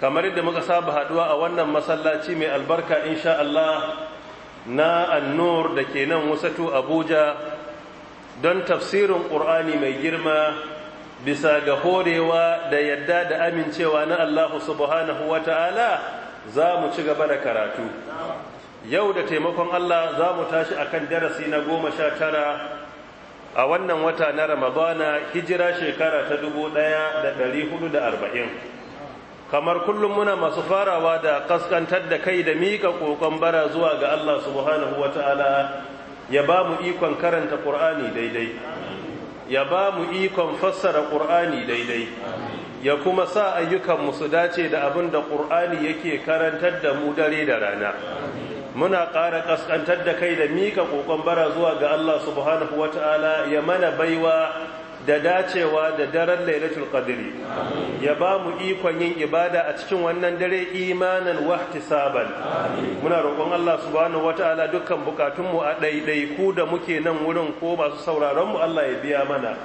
kamar yadda muka saba haduwa a wannan masallaci mai albarka insha Allah na annur da ke nan wasatu abuja don tafsirin ƙur'ani mai girma bisa ga horewa da yadda da amincewa na allahu subhanahu wa ta'ala za mu ci gaba da karatu yau da taimakon allah za mu tashi kan darasi na goma sha tara a wannan wata na ramadana hijira shekara ta dubu ɗaya da ɗari hudu da arba'in kamar kullum muna masu farawa da kaskantar da kai da miƙa ƙoƙon bara zuwa ga Allah subhanahu ta’ala ya ba mu ikon karanta ƙur'ani daidai ya ba mu ikon fassara ƙur'ani daidai ya kuma sa ayyukanmu su dace da abin da ƙur'ani yake karantar da mu dare da rana muna ƙara kaskantar da kai da miƙa ƙoƙon bara zuwa ga Allah subhanahu ta’ala ya mana baiwa da dacewa da daren lailatul qadri ya ba mu ikon yin ibada a cikin wannan dare imanan wahtisaban muna roƙon Allah subhanahu wataala dukkan bukatun mu a ɗaiɗaiku da muke nan wurin ko masu sauraron mu Allah ya biya mana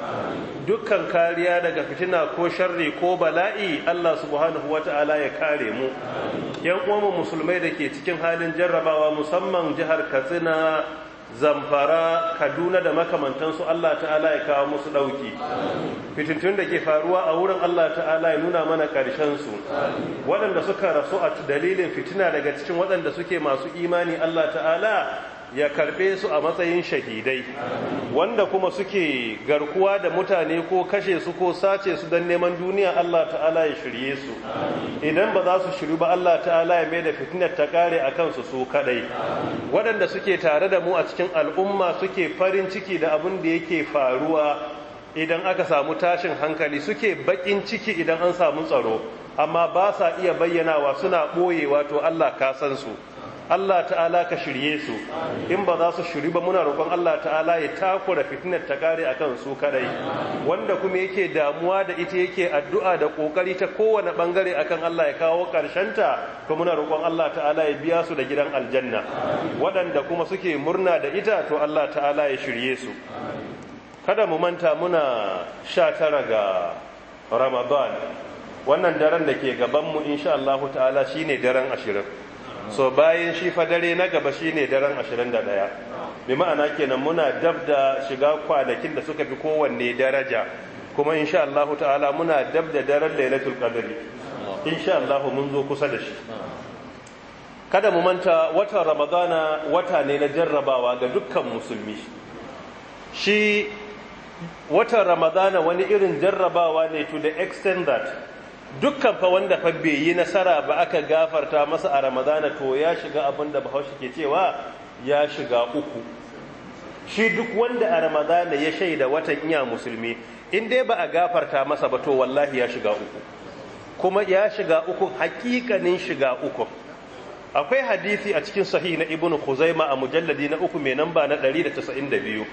dukkan kariya daga fitina ko sharri ko bala'i Allah subhanahu wataala ya kare mu yan uwan musulmai da ke cikin halin jarrabawa musamman jihar Katsina zamfara kaduna da makamantansu Allah ta'ala ya kawo musu ɗauki fitintun da ke faruwa a wurin Allah ta'ala ya nuna mana su waɗanda suka rasu a dalilin fitina daga cikin waɗanda suke masu imani Allah ta'ala ya karbe su a matsayin shahidai wanda kuma suke garkuwa da mutane ko kashe su ko sace su don neman duniya Allah ta'ala ya shirye su idan ba za su shiru ba Allah ta'ala ya mai da fitinar ta kare a kansu su kadai waɗanda suke tare da mu a cikin al'umma suke farin ciki da abin da yake faruwa idan aka samu tashin hankali suke bakin ciki idan an samu tsaro amma ba sa iya bayyanawa suna ɓoyewa to Allah ka san su Allah ta'ala ka shirye su in ba za su shiri ba muna roƙon Allah ta'ala ya takura fitinar ta kare akan su kadai wanda kuma yake damuwa da ita yake addu'a da kokari ta kowane bangare akan Allah ya kawo karshen ta to muna roƙon Allah ta'ala ya biya su da gidan aljanna waɗanda kuma suke murna da ita to Allah ta'ala ya shirye su kada mu manta muna sha tara ga Ramadan wannan daren da ke gaban mu insha Allah ta'ala shine daren ashirin so bayan shi fa dare na gaba shine daren 21 bi ma'ana kenan muna dab da shiga kwanakin da suka fi kowanne daraja kuma insha Allah ta'ala muna dab da daren lailatul qadri insha Allah mun zo kusa da shi kada mu manta watan ramadana wata ne na jarrabawa ga dukkan musulmi shi watan ramadana wani irin jarrabawa ne to the extent that dukkan fa wanda fa bai yi nasara ba aka gafarta masa a ramadana to ya shiga abin da bahaushe ke cewa ya shiga uku shi duk wanda a ramadana ya shaida watan iya musulmi in dai ba a gafarta masa ba to wallahi ya shiga uku kuma ya shiga uku hakikanin shiga uku akwai hadisi a cikin sahih na ibnu khuzaima a mujalladi na uku mai namba na 192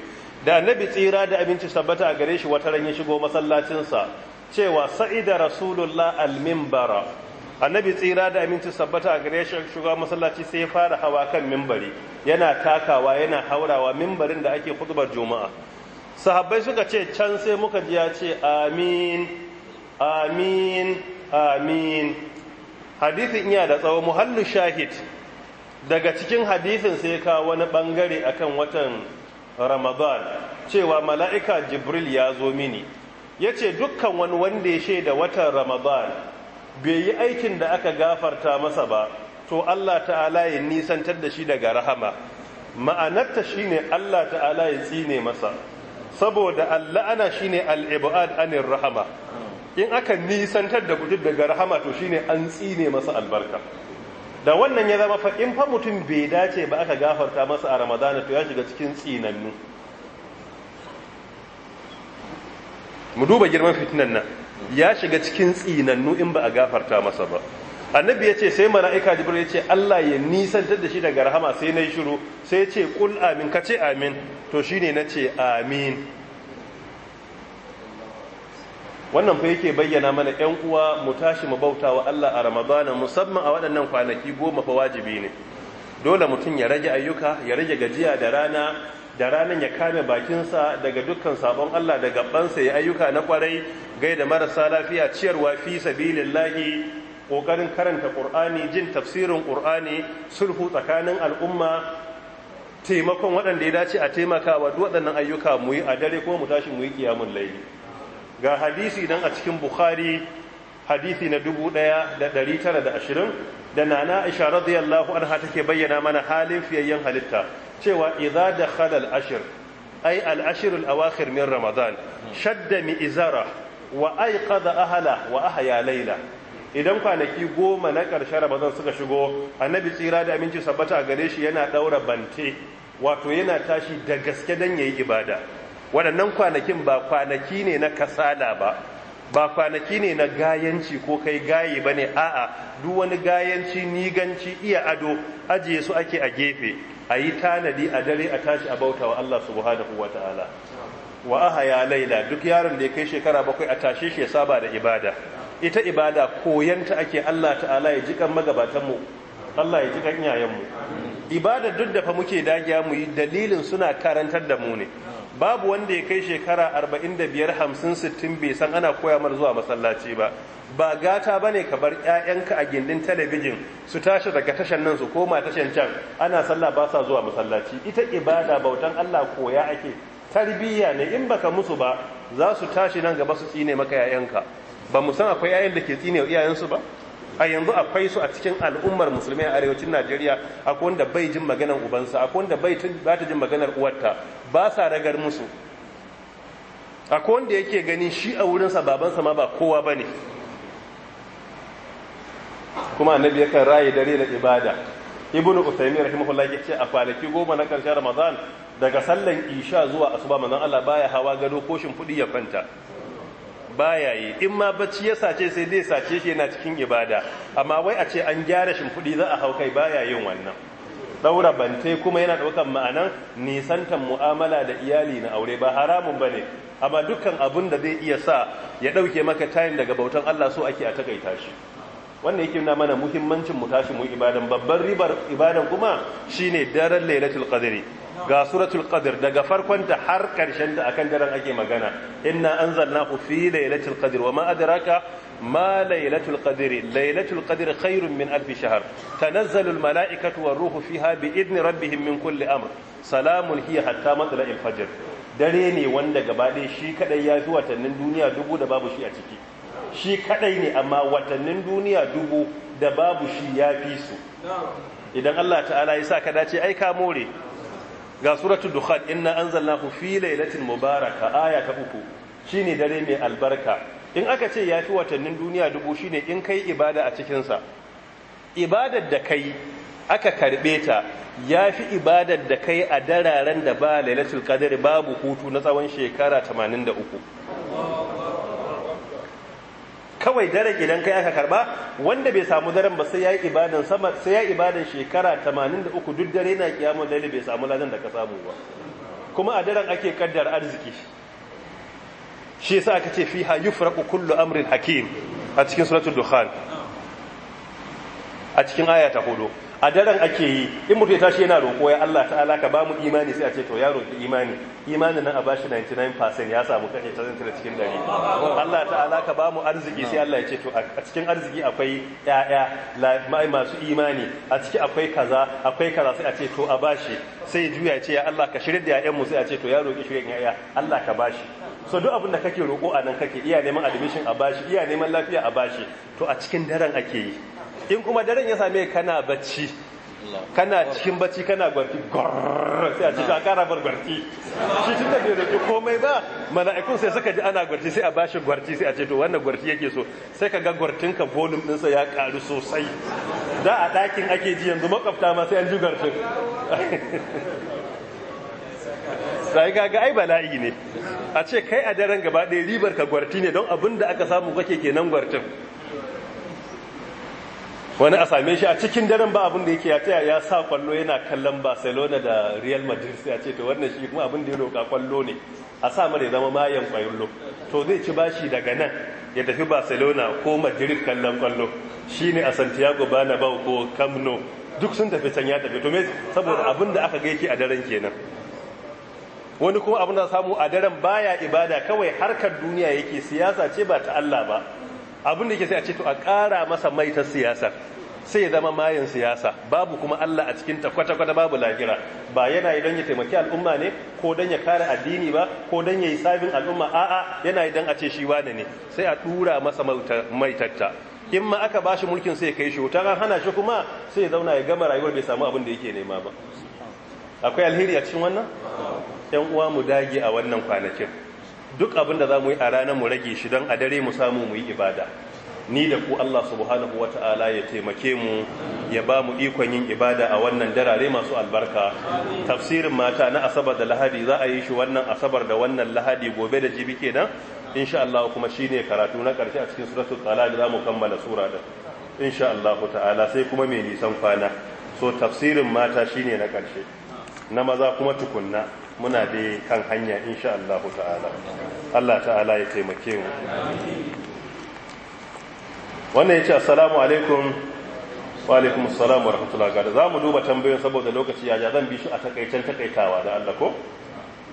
da annabi tsira da abinci sabbata a gare shi wata ran ya shigo masallacinsa cewa sa'ida rasulullah al-mimbara annabi tsira da aminci sabbata a gare shi shugaban masallaci sai ya fara hawa kan mimbari yana takawa yana haurawa mimbarin da ake kutubar juma'a sahabbai suka ce can sai muka ji ya ce amin amin amin hadithin iya da tsawo muhallu shahid daga cikin hadithin sai ka wani bangare akan watan ramadan cewa mala'ika jibril ya zo mini ya ce dukkan wani wanda ya da watan ramadan bai yi aikin da aka gafarta masa ba to allah ta'ala ya nisantar da shi daga rahama ma'anarta shi ne allah ta'ala ya tsine masa saboda Allah shi shine al'ibad anin rahama in aka nisantar da kudu daga rahama to shi ne an tsine masa albarka da wannan ya zama fa in fa mutum bai dace ba aka gafarta masa a ramadana to ya shiga cikin tsinannu mu duba girman fitnan nan ya shiga cikin tsinannu in ba a gafarta masa ba annabi ya ce sai mala'ika jibril ya ce Allah ya nisantar da shi daga rahama sai na yi shiru sai ya ce kul amin ka ce amin to shi ne na ce amin wannan fa yake bayyana mana ‘yan uwa mu tashi mu bauta wa Allah a ramadana musamman a waɗannan kwanaki goma fa wajibi ne dole mutum ya rage ayyuka ya rage gajiya da rana da ranar ya kame bakinsa daga dukkan sabon Allah da gabansa ya ayyuka na kwarai gaida marasa lafiya ciyarwa fi sabilillahi ƙoƙarin karanta ƙur'ani jin tafsirin ƙur'ani sulhu tsakanin al'umma taimakon waɗanda ya dace a taimakawa duk waɗannan ayyuka mu yi a dare kuma mu tashi mu yi kiyamun laili ga hadisi dan a cikin bukhari hadisi na dubu ɗaya da ɗari tara da da ashirin nana aisha radiyallahu anha take bayyana mana halin fiyayyen halitta cewa idza da al ashir, ay al-ashr al min ramadan shadda mi izara wa aiqadha ahla wa ahya layla idan kwanaki goma na ƙarshen ramadan suka shigo annabi tsira da aminci sabbata gare shi yana daura bante wato yana tashi da gaske dan yayi ibada waɗannan kwanakin ba kwanaki ne na kasala ba ba kwanaki ne na gayanci ko kai gayi bane a'a duk wani gayanci niganci iya ado ajiye su ake a gefe a yi tanadi a dare a tashi a bauta wa Allah subhanahu wa ta'ala wa aha ya laila duk yaron da ya kai shekara bakwai a tashe shi ya saba da ibada ita ibada koyanta ake Allah ta'ala ya jikan magabatanmu Allah ya jikan iyayenmu ibada duk da fa muke dagiya mu yi dalilin suna karantar da mu ne babu wanda ya kai shekara 45 50 60 bai san ana koya mar zuwa masallaci ba ba gata ba ne ka bar 'ya'yanka a gindin talabijin su tashi daga tashan nan su koma tashan can ana sallah ba sa zuwa masallaci ita ibada bautan Allah koya ake tarbiyya ne in baka musu ba za su tashi nan gaba su tsine maka 'ya'yanka. ba mu san akwai 'ya'yan da ke tsine iyayensu ba a yanzu akwai su a cikin al'ummar musulmai a arewacin najeriya akwai wanda bai jin maganar ubansa akwai wanda bai ba ta jin maganar uwarta ba sa ragar musu akwai wanda yake gani shi a wurinsa babansa ma ba kowa ba ne kuma annabi yakan raye dare da ibada ibnu uthaymeen rahimahullah ya ce a kwanaki goma na karshen ramadan daga sallan isha zuwa asuba manzon Allah baya hawa gado ko fudi ya kwanta baya yi in ma bacci ya sace sai dai sace shi yana cikin ibada amma wai a ce an gyara shimfiɗi za a hau kai baya yin wannan ɗaura bante kuma yana ɗaukan ma'anan nisantan mu'amala da iyali na aure ba haramun ba ne amma dukkan abin da zai iya sa ya ɗauke maka tayin daga bautan Allah so ake a takaita shi wannan yake nuna mana muhimmancin mu tashi mu ibadan babban ribar ibadan kuma shine daren lailatul qadri ga suratul qadr daga farkonta har karshen ta akan daren ake magana inna anzalnahu fi lailatul qadr wama adraka ma lailatul qadr lailatul qadr khairun min alf shahr tanazzalul malaikatu war ruhu fiha bi idni rabbihim min kulli amr salamun hiya hatta matla'il fajr dare ne wanda gaba ɗaya shi kadai ya fi watannin duniya dubu da babu shi a ciki shi kadai ne amma watannin duniya dubu da babu shi ya fi su idan Allah ta'ala ya sa ka dace ai ka more ga suratul dukhan inna anzalnahu fi lailatin mubaraka aya ta uku shine dare mai albarka in aka ce yafi watannin duniya dubu shine in kai ibada a cikin sa ibadar da kai aka karbe ta ya fi ibadar da kai a dararen da ba lailatul qadr babu hutu na tsawon shekara 83 kawai daren idan kai aka karba wanda bai samu daren ba sai ya ibadan sama sai yayi ibadan shekara 83 duk dare na kiyamun laili bai samu ladan da ka samu ba kuma a daren ake kaddar arziki shi yasa aka ce fiha yufraqu kullu amrin hakim a cikin suratul dukhan a cikin ayata ta hudu a daren ake yi in mutu ya tashi yana roƙo ya Allah ta'ala ka bamu imani sai a ce to ya roƙi imani imani nan a bashi 99% ya samu kashe ta zanta cikin dare Allah ta'ala ka bamu arziki sai Allah ya ce to a cikin arziki akwai ƴaƴa mai masu imani a ciki akwai kaza akwai kaza sai a ce to a bashi sai juya ce ya Allah ka shirya da ƴaƴan mu sai a ce to ya roƙi shirya ƴaƴa Allah ka bashi so duk abin da kake roƙo a nan kake iya neman admission a bashi iya neman lafiya a bashi to a cikin daren ake yi in kuma daren ya same kana bacci kana cikin bacci kana gwarfi sai a a kara bar gwarfi shi tun da bai roƙi komai ba mala'ikun sai suka ji ana gwarfi sai a bashi gwarfi sai a ce to wannan gwarfi yake so sai ka ga gwartinka volume dinsa ya ƙaru sosai da a ɗakin ake ji yanzu makwabta ma sai an ji gwarfin sai ga ai bala'i ne a ce kai a daren gaba ɗaya ribar ka gwarti ne don abin da aka samu kake kenan gwartin wani a same shi a cikin daren ba abin da yake ya taya ya sa kwallo yana kallon barcelona da real madrid ya ce to wannan shi kuma abin da ya roƙa kwallo ne a sa mara zama mayan kwallo to zai ci bashi daga nan ya tafi barcelona ko madrid kallon kwallo shi ne a santiago bernabeu ko camno duk sun tafi can ya tafi to me saboda abin da aka gaiki a daren kenan wani kuma abin da samu a daren baya ibada kawai harkar duniya yake siyasa ce ba ta Allah ba abin da ke sai a ce to a ƙara masa mai ta siyasa sai zama mayan siyasa babu kuma Allah a cikin ta kwata-kwata babu lagira ba yana yi don ya taimaki al'umma ne ko don ya kare addini ba ko don ya yi sabin al'umma a'a yana yi don a ce shi wane ne sai a ɗura masa tatta in ma aka bashi mulkin sai kai shi wuta an hana shi kuma sai ya zauna ya gama rayuwar bai samu abin da yake nema ba akwai alheri a cikin wannan yan uwa mu dage a wannan kwanakin duk abin da za mu yi a ranar mu rage shi don a dare mu samu mu yi ibada ni da ku Allah subhanahu wa ta'ala ya taimake mu ya ba mu ikon yin ibada a wannan darare masu albarka tafsirin mata na asabar da lahadi za a yi shi wannan asabar da wannan lahadi gobe da jibi ke kenan insha Allah kuma shi ne karatu na karshe a cikin suratul talaq za mu kammala sura In insha Allah ta'ala sai kuma mai nisan kwana so tafsirin mata shine na karshe na maza kuma tukunna muna dai kan hanya insha Allah ta'ala Allah ta'ala ya taimake mu wannan ya ce assalamu alaikum wa alaikum assalam wa rahmatullahi wa za mu duba tambayoyin saboda lokaci ya ja zan bi shi a takaitan takaitawa da Allah ko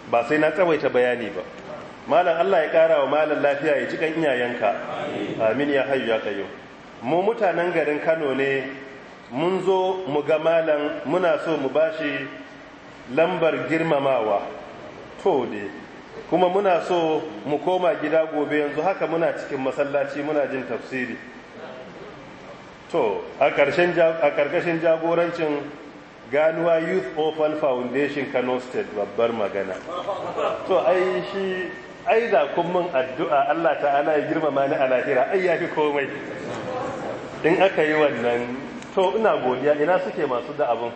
ba sai na tsawaita bayani ba malam Allah ya kara wa malam lafiya ya ji kan iyayenka amin ya hayya kayo mu mutanen garin Kano ne mun zo mu ga malam muna so mu bashi lambar girmamawa to dai kuma muna so mu koma gida gobe yanzu haka muna cikin masallaci muna jin tafsiri to a ƙarƙashin jagorancin ganuwa youth open foundation kano state babbar magana to ai shi ai da addu'a allah ta'ala ya girmama ni a lahira ai ya fi komai in aka yi wannan to ina godiya ina suke masu da abin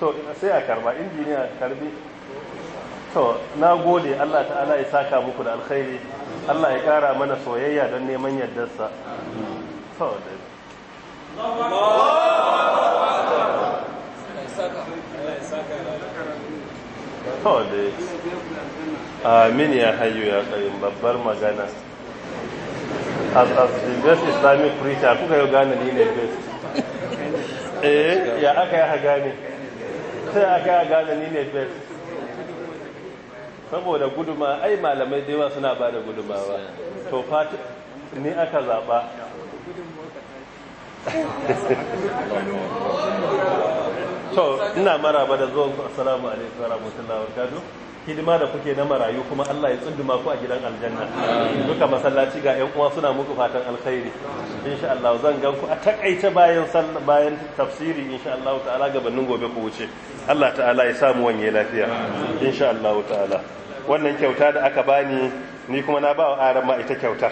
to sai a karba injiniya karbi to na gode Allah ta'ala ya saka muku da alkhairi Allah ya kara mana soyayya don neman yardarsa to dai amin ya hayu ya kayin babbar magana as as the best islamic preacher kuka yau gane ni ne best eh ya aka yi ha gane ta aka gane ni ne fes saboda guduma ai malamai da yawa suna ba da gudumawa to fati ni aka zaɓa to ina maraba da zuwan assalamu alaikum warahmatullahi wabarakatuh hidima da kuke na marayu kuma Allah ya tsunduma ku a gidan aljanna duka masallaci ga ƴan uwa suna muku fatan alkhairi insha Allah zan gan ku a takaice bayan bayan tafsiri insha Allah ta'ala gabanin gobe ku wuce Allah ta'ala ya samu wanye lafiya insha Allah ta'ala wannan kyauta da aka bani ni kuma na ba wa aran ma ita insha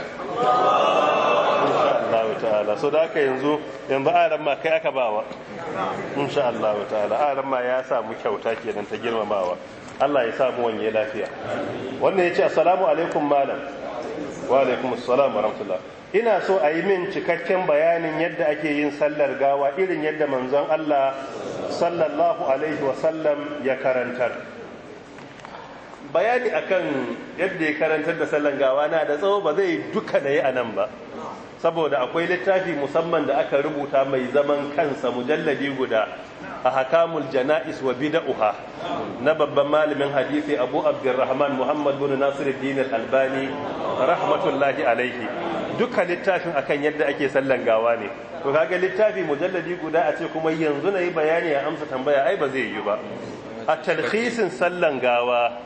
Allah ta'ala so da aka yanzu yanzu aran ma kai aka bawa insha Allah ta'ala aran ma ya samu kyauta kenan ta girmamawa Allah ya samu wanye lafiya wannan ya ce assalamu alaikum malam wa alaikum assalam wa rahmatullah ina so a yi min cikakken bayanin yadda ake yin sallar gawa irin yadda manzon Allah sallallahu alaihi wasallam ya karantar bayani akan yadda ya karantar da sallar gawa na da tsawo ba zai duka na yi a nan ba saboda akwai littafi musamman da aka rubuta mai zaman kansa mujalladi guda a hakamul jana'is wa bida'uha na babban malamin hadisi abu abdurrahman muhammad bin nasiruddin al-albani rahmatullahi alaihi duka littafin akan yadda ake sallan gawa ne to kaga littafi mujalladi guda a ce kuma yanzu nayi bayani ya amsa tambaya ai ba zai yi ba a talhisin sallan gawa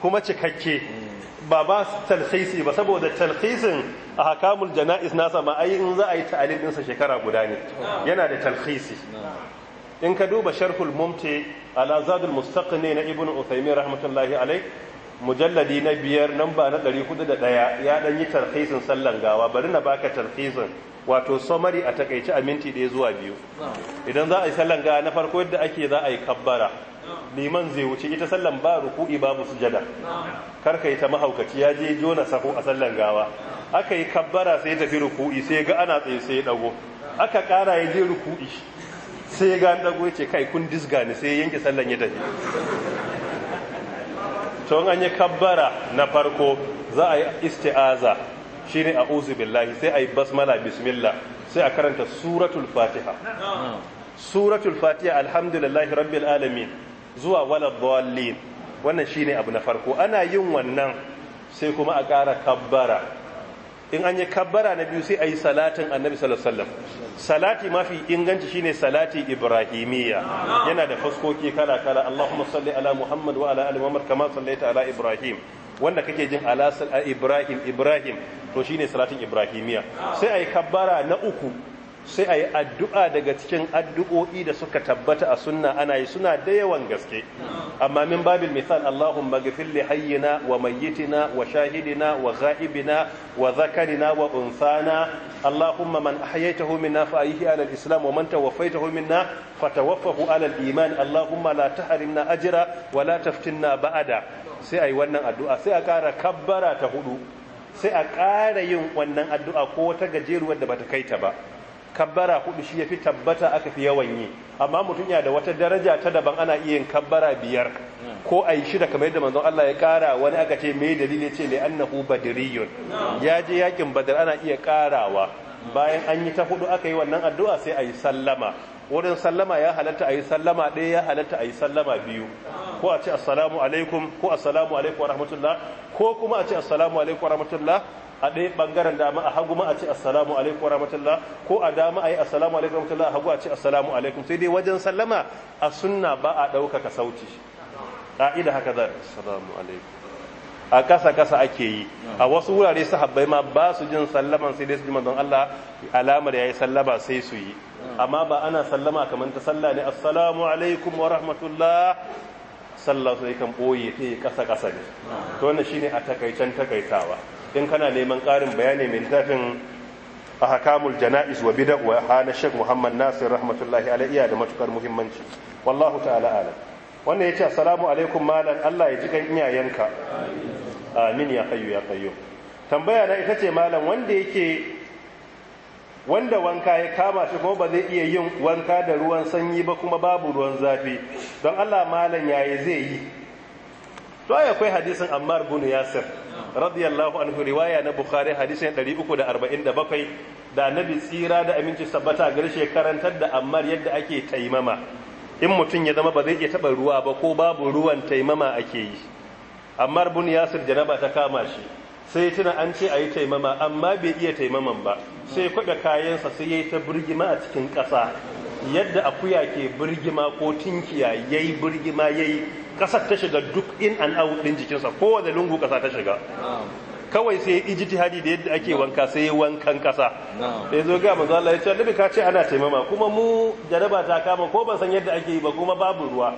kuma cikakke ba ba talhisi ba saboda talhisin a hakamul jana'iz nasa ma ai in za a yi ta'alil sa shekara guda ne yana da talhisi in ka duba sharhul mumti ala zadul mustaqni na ibnu uthaymin rahmatullahi alai mujalladi na biyar namba na 401 ya dan yi talhisin sallan gawa bari na baka talhisin wato summary a takeice a minti ɗaya zuwa biyu idan za a yi sallan gawa na farko yadda ake za a yi kabbara liman zai wuce ita sallan ba ruku'i babu sujada karka yi ta mahaukaci ya je jona sako a sallan gawa aka yi kabbara sai tafi ruku'i sai ga ana tsaye sai ya dago aka kara ya je ruku'i sai ga an dago yace kai kun disga ni sai yanke sallan ya tafi to an yi kabbara na farko za a yi isti'aza shine a'udhu billahi sai a yi basmala bismillah sai a karanta suratul fatiha suratul fatiha alhamdulillahi rabbil alamin zuwa waladdallin wannan shine abu na farko ana yin wannan sai kuma a ƙara kabbara in an yi kabbara na biyu sai a yi salatin annabi sallallahu salati mafi inganci shine salati ibrahimiyya yana da faskoki kala kala allahumma salli ala muhammad wa ala ali muhammad kama sallaita ala ibrahim wanda kake jin ala ibrahim ibrahim to shine salatin ibrahimiyya sai a yi kabbara na uku sai a yi addu'a daga cikin addu'o'i da suka tabbata a sunna ana yi suna da yawan gaske amma min babin misal Allahumma gafir hayyina wa mayyitina wa shahidina wa ghaibina wa zakarina wa unsana Allahumma man ahyaytahu minna fa ayyihi ala al-islam wa man tawaffaytahu minna fatawaffahu ala iman Allahumma la tahrimna ajira, wa la taftinna ba'ada sai a yi wannan addu'a sai a kara kabbara ta hudu sai a ƙara yin wannan addu'a ko wata gajeruwar da bata kai ta ba kabbara hudu shi ya fi tabbata aka fi yawan yi amma mutum ya da wata daraja ta daban ana iya yin kabbara biyar ko ayi shida kamar yadda manzon Allah ya kara wani aka ce mai dalili ce ne annahu badriyun ya je yakin badar ana iya karawa bayan an yi ta hudu aka yi wannan addu'a sai a yi sallama wurin sallama ya halatta ayi sallama ɗaya ya halatta ayi sallama biyu ko a ce assalamu alaikum ko assalamu alaikum wa rahmatullah ko kuma a ce assalamu alaikum wa rahmatullah a ɗaya ɓangaren dama a hagu ma a ce assalamu alaikum wa rahmatullah ko a dama a yi assalamu alaikum wa rahmatullah a hagu a ce assalamu alaikum sai dai wajen sallama a sunna ba a ɗaukaka sauti ƙa'ida haka zar assalamu alaikum a ƙasa-ƙasa ake yi a wasu wurare habbai ma ba su jin sallaman sai dai su ji manzon Allah alamar ya yi sallama sai su yi amma ba ana sallama kamar ta sallah ne assalamu alaikum wa rahmatullah sallah sai kan ta yi ƙasa ƙasa ne to wannan shine a takaicen takaitawa in kana neman ƙarin bayani mai tafin a hakamul jana'iz wa bida wa hana shek muhammad nasir rahmatullahi alaiya da matukar muhimmanci wallahu ta'ala ala wannan ya ce assalamu alaikum malam allah ya ji kan iyayenka amin ya hayyu ya qayyu tambaya na ita ce malam wanda yake wanda wanka ya kama shi kuma ba zai iya yin wanka da ruwan sanyi ba kuma babu ruwan zafi don allah malam yayi zai yi to ai akwai hadisin Ammar bin Yasir radiyallahu anhu riwaya na Bukhari hadisin 347 da Nabi tsira da aminci sabbata gar shi karantar da Ammar yadda ake taimama in mutum ya zama ba zai iya taba ruwa ba ko babu ruwan taimama ake yi Ammar bin Yasir janaba ta kama shi sai tuna an ce ayi taimama amma bai iya taimaman ba sai kayan kayansa sai yayi ta burgima a cikin ƙasa yadda akuya ke burgima ko tinkiya yayi burgima yayi ƙasar ta shiga duk in an out ɗin jikinsa kowane lungu kasa ta shiga kawai sai ijtihadi da yadda ake wanka sai wankan kasa sai zo ga manzo Allah ya ce annabi ka ce ana taimama kuma mu jaraba ta kama ko ban san yadda ake yi ba kuma babu ruwa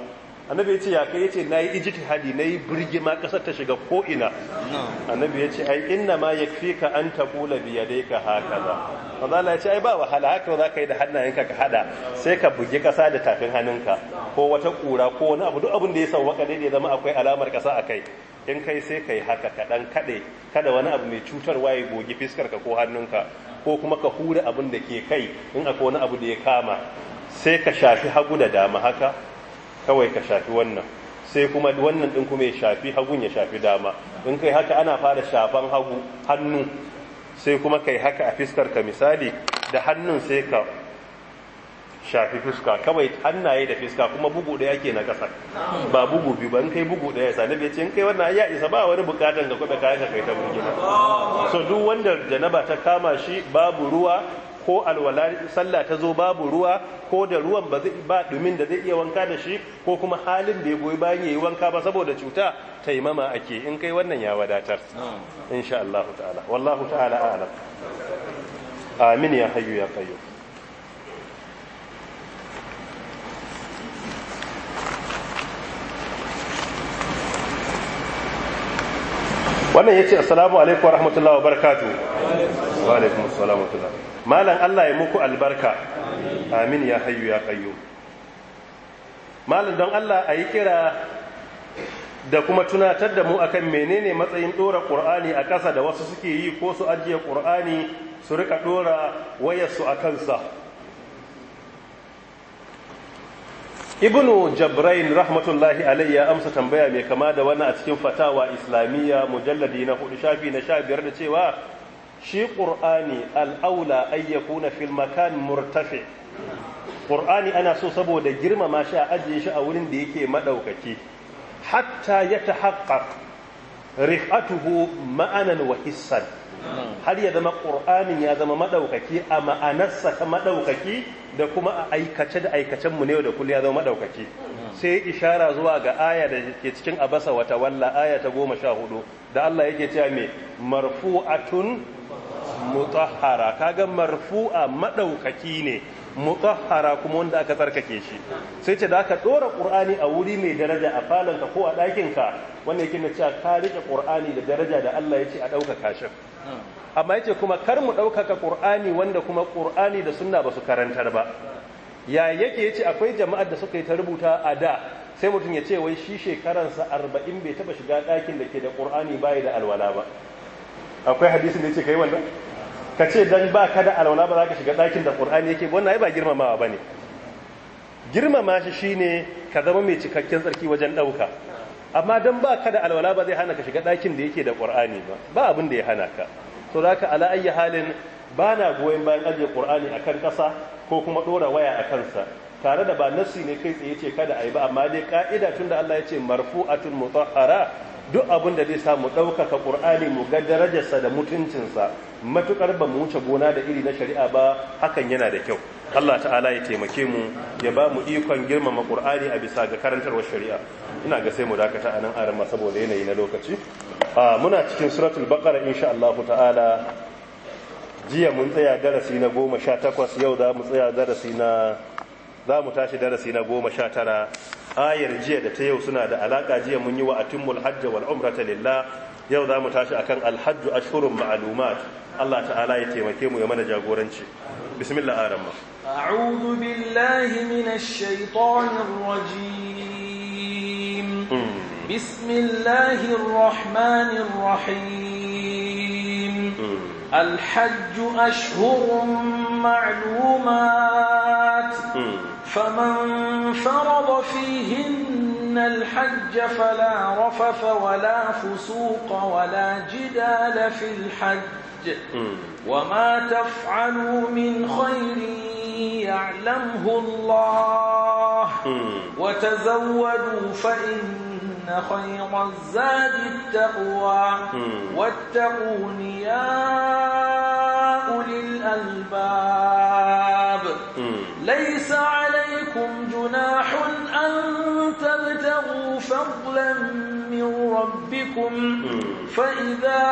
annabi ya ce ya kai ya ce na yi ijtihadi na yi birge ma kasar ta shiga ko ina annabi ya ce ai inna ma ka an taqula bi yadayka hakaza manzala ya ce ai ba wahala haka za ka yi da hannayenka ka hada sai ka bugi kasa da tafin hannunka ko wata kura ko wani abu duk abin da ya sauwaka da ya zama akwai alamar kasa a kai in kai sai ka yi haka ka dan kade kada wani abu mai cutar ya gogi fiskar ka ko hannunka ko kuma ka hura abin da ke kai in akwai wani abu da ya kama sai ka shafi hagu da dama haka kawai ka shafi wannan sai kuma wannan din kuma ya shafi hagun ya shafi dama in kai haka ana fara shafan hagu hannu sai kuma kai haka a fiskar ka misali da hannun sai ka shafi fuska kawai hannaye da fuska kuma bugu daya ke na kasa ba bugu biyu ba in kai bugu daya sa nabi ce in kai wannan ya isa ba wani bukatan ga kuma kayan ka kai ta burgina so duk wanda janaba ta kama shi babu ruwa ko alwala sallah ta zo babu ruwa ko da ruwan ba domin dumin da zai iya wanka da shi ko kuma halin da ya goyi bayan ya yi wanka ba saboda cuta taimama ake in kai wannan ya wadatar insha Allah ta'ala wallahu ta'ala a'lam amin ya hayyu ya kayyu wannan ya ce assalamu alaikum wa rahmatullahi wa barakatu wa alaikum assalamu wa rahmatullahi malam Allah ya muku albarka amin ya hayu ya kayo malam don Allah a yi kira da kuma tunatar da mu akan menene matsayin ɗora ƙur'ani a ƙasa da wasu suke yi ko su ajiye ƙur'ani su rika ɗora wayarsu a kansa ibnu jabrain rahmatullahi alayhi ya amsa tambaya mai kama da wani a cikin fatawa islamiyya mujalladi na hudu shafi na sha biyar da cewa shi ƙur'ani al'aula ay yakuna fil makan murtafi qur'ani ana so saboda girmama shi a ajiye shi a wurin da yake maɗaukaki. hatta ya ta yatahaqqaq rif'atuhu ma'anan wa hissan har ya zama ƙur'ani ya zama maɗaukaki a ma'anarsa ta da kuma a aikace da aikacen mu ne da kullu ya zama maɗaukaki. sai ishara zuwa ga aya da ke cikin abasa wata walla aya ta goma sha hudu da Allah yake cewa me marfu'atun mutahara kaga marfu'a madaukaki ne mutahara kuma wanda aka tsarkake shi sai ce da aka dora qur'ani a wuri mai daraja a ka ko a ɗakin ka wanda yake na cewa ka rike qur'ani da daraja da Allah ya ce a ɗaukaka kashin amma yace kuma kar mu ɗaukaka qur'ani wanda kuma qur'ani da sunna ba su karantar ba ya yake yace akwai jama'ar da suka yi ta rubuta a da sai mutum ya ce wai shi shekaransa arba'in bai taba shiga ɗakin da ke da qur'ani bai da alwala ba akwai hadisin da yake kai wannan ka ce don ba ka da alwala ba za ka shiga ɗakin da ƙur'ani yake wannan ai ba girmamawa ba ne girmama shi shine ka zama mai cikakken tsarki wajen ɗauka amma don ba ka da alwala ba zai hana ka shiga ɗakin da yake da ƙur'ani ba ba abin da ya hana ka to za ka ala ayyi halin ba na goyon bayan ajiye ƙur'ani akan ƙasa ko kuma ɗora waya a kansa tare da ba nassi ne kai tsaye ce kada a yi ba amma dai ka'ida tun da Allah ya ce marfu'atun mutahhara duk abin da zai samu ɗaukaka ƙur'ani mu ga darajarsa da mutuncinsa matuƙar ba mu wuce gona da iri na shari'a ba hakan yana da kyau Allah ta'ala ya taimake mu ya ba mu ikon girmama ƙur'ani a bisa ga karantarwar shari'a ina ga sai mu dakata a nan arama saboda yanayi na lokaci muna cikin suratul baqara insha Allah ta'ala jiya mun tsaya darasi na goma sha takwas yau za mu tsaya darasi na za mu tashi darasi na goma sha tara ayar jiya da ta yau suna da alaƙa jiya mun yi wa atimmul hajja wal umrata lillah yau za mu tashi akan alhajju ashhurun ma'lumat Allah ta'ala ya taimake mu ya mana jagoranci bismillah arama a'udhu billahi minash shaitanir rajim hmm. bismillahir rahmanir rahim الحج أشهر معلومات فمن فرض فيهن الحج فلا رفث ولا فسوق ولا جدال في الحج وما تفعلوا من خير يعلمه الله وتزودوا فإن إن خير الزاد التقوى واتقون يا أولي الألباب ليس عليكم جناح أن تبتغوا فضلا من ربكم فإذا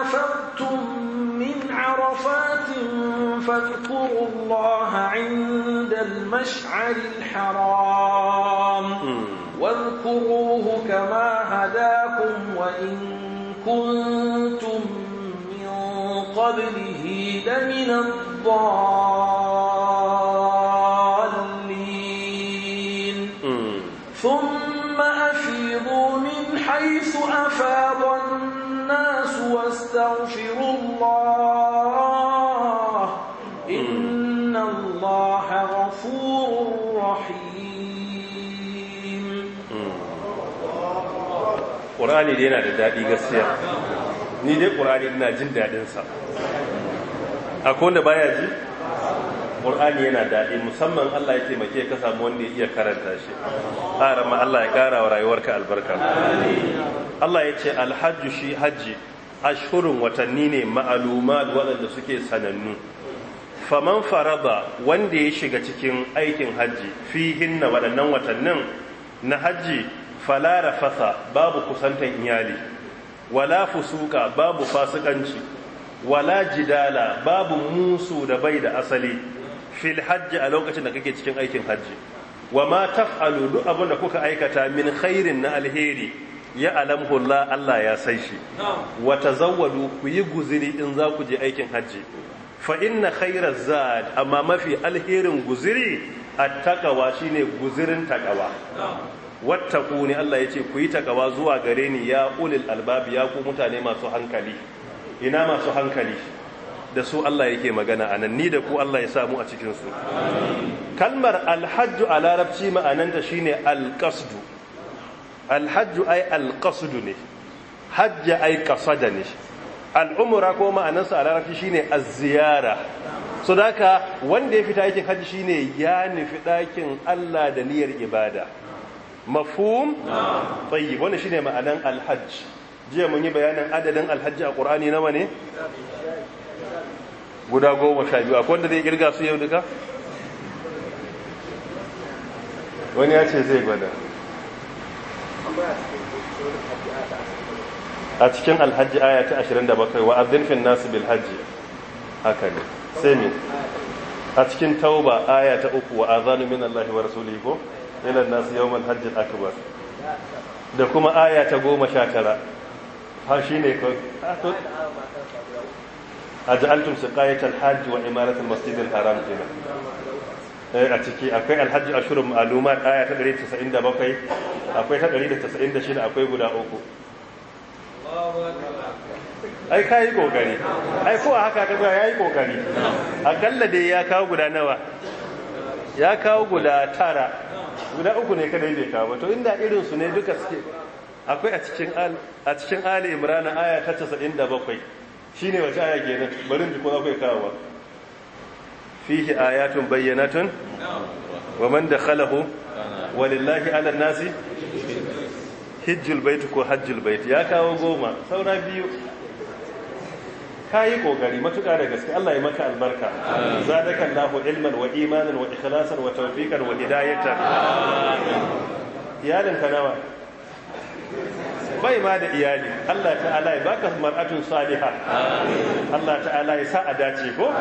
أفضتم من عرفات فاذكروا الله عند المشعر الحرام واذكروه كما هداكم وإن كنتم من قبله لمن الضالين ƙur'ani da yana da daɗi gaskiya ni dai ƙur'ani ina jin daɗinsa akwai wanda baya ji ƙur'ani yana daɗi musamman Allah ya taimake ka samu wanda ya iya karanta shi ƙara ma Allah ya ƙara wa rayuwarka albarka Allah ya ce alhajju shi hajji ashhurun watanni ne ma'alumat waɗanda suke sanannu faman farada wanda ya shiga cikin aikin hajji fi na waɗannan watannin na hajji fala rafasa babu kusantan iyali wala fusuka babu fasikanci wala jidala babu musu da bai da asali fil hajji a lokacin da kake cikin aikin hajji wa ma taf'alu duk abin da kuka aikata min khairin na alheri ya alamhulla Allah ya sai shi wa tazawwadu ku yi guziri in za ku je aikin hajji fa inna khaira zad amma mafi alherin guziri at-taqwa shine guzirin taqwa wattaku ne Allah ya ce ku yi takawa zuwa gare ni ya ulil albabi ya ku mutane masu hankali ina masu hankali da su Allah yake magana a nan ni da ku Allah ya samu a cikinsu kalmar alhajju a larabci ma'ananta shi ne Alkasdu. alhajju ai Alkasdu ne hajja ai kasada ne al'umura ko ma'anansa a larabci shi ne aziyara so da wanda ya fita yakin hajji shi ne ya nufi ɗakin Allah da niyyar ibada mafhum tayyib wannan shine ma'anan alhajj jiya mun yi bayanin adadin Alhaji a qur'ani nawa ne guda goma sha biyu akwai wanda zai kirga su yau duka wani ya ce zai gwada a cikin alhaji aya ta 27 wa azin fin nasu bil hajji haka ne sai ne a cikin tauba aya ta uku wa azanu min Allah wa rasulihi ko ilan nasu yawmal hajji akbar da kuma aya ta goma sha tara ha shi ne a su siqayatal hajji wa imaratun masjidin haram kenan a ciki akwai alhaji shirin ma'aluma aya ta 197 akwai ta 196 akwai guda uku ai ka yi kogari ai kowa haka zuwa ya yi A akalla dai ya kawo guda nawa ya kawo guda tara guda uku ne kadai bai kawo to inda irin su ne duka suke akwai a cikin a cikin ali imran aya ta 97 shine wace aya ke nan, bari ji ko akwai kawo fihi ayatun bayyanatun wa man dakhalahu walillahi ala nasi hijjul bayt ko hajjul bayt ya kawo goma saura biyu ka yi ƙoƙari matuƙa da gaske Allah ya maka albarka kan lahu ilman wa imanin wa ikhlasar wa tawfiqan wa hidayatan iyalin ka nawa bai ma da iyali Allah ta'ala ya baka mar'atun saliha Allah ta'ala ya sa a dace ko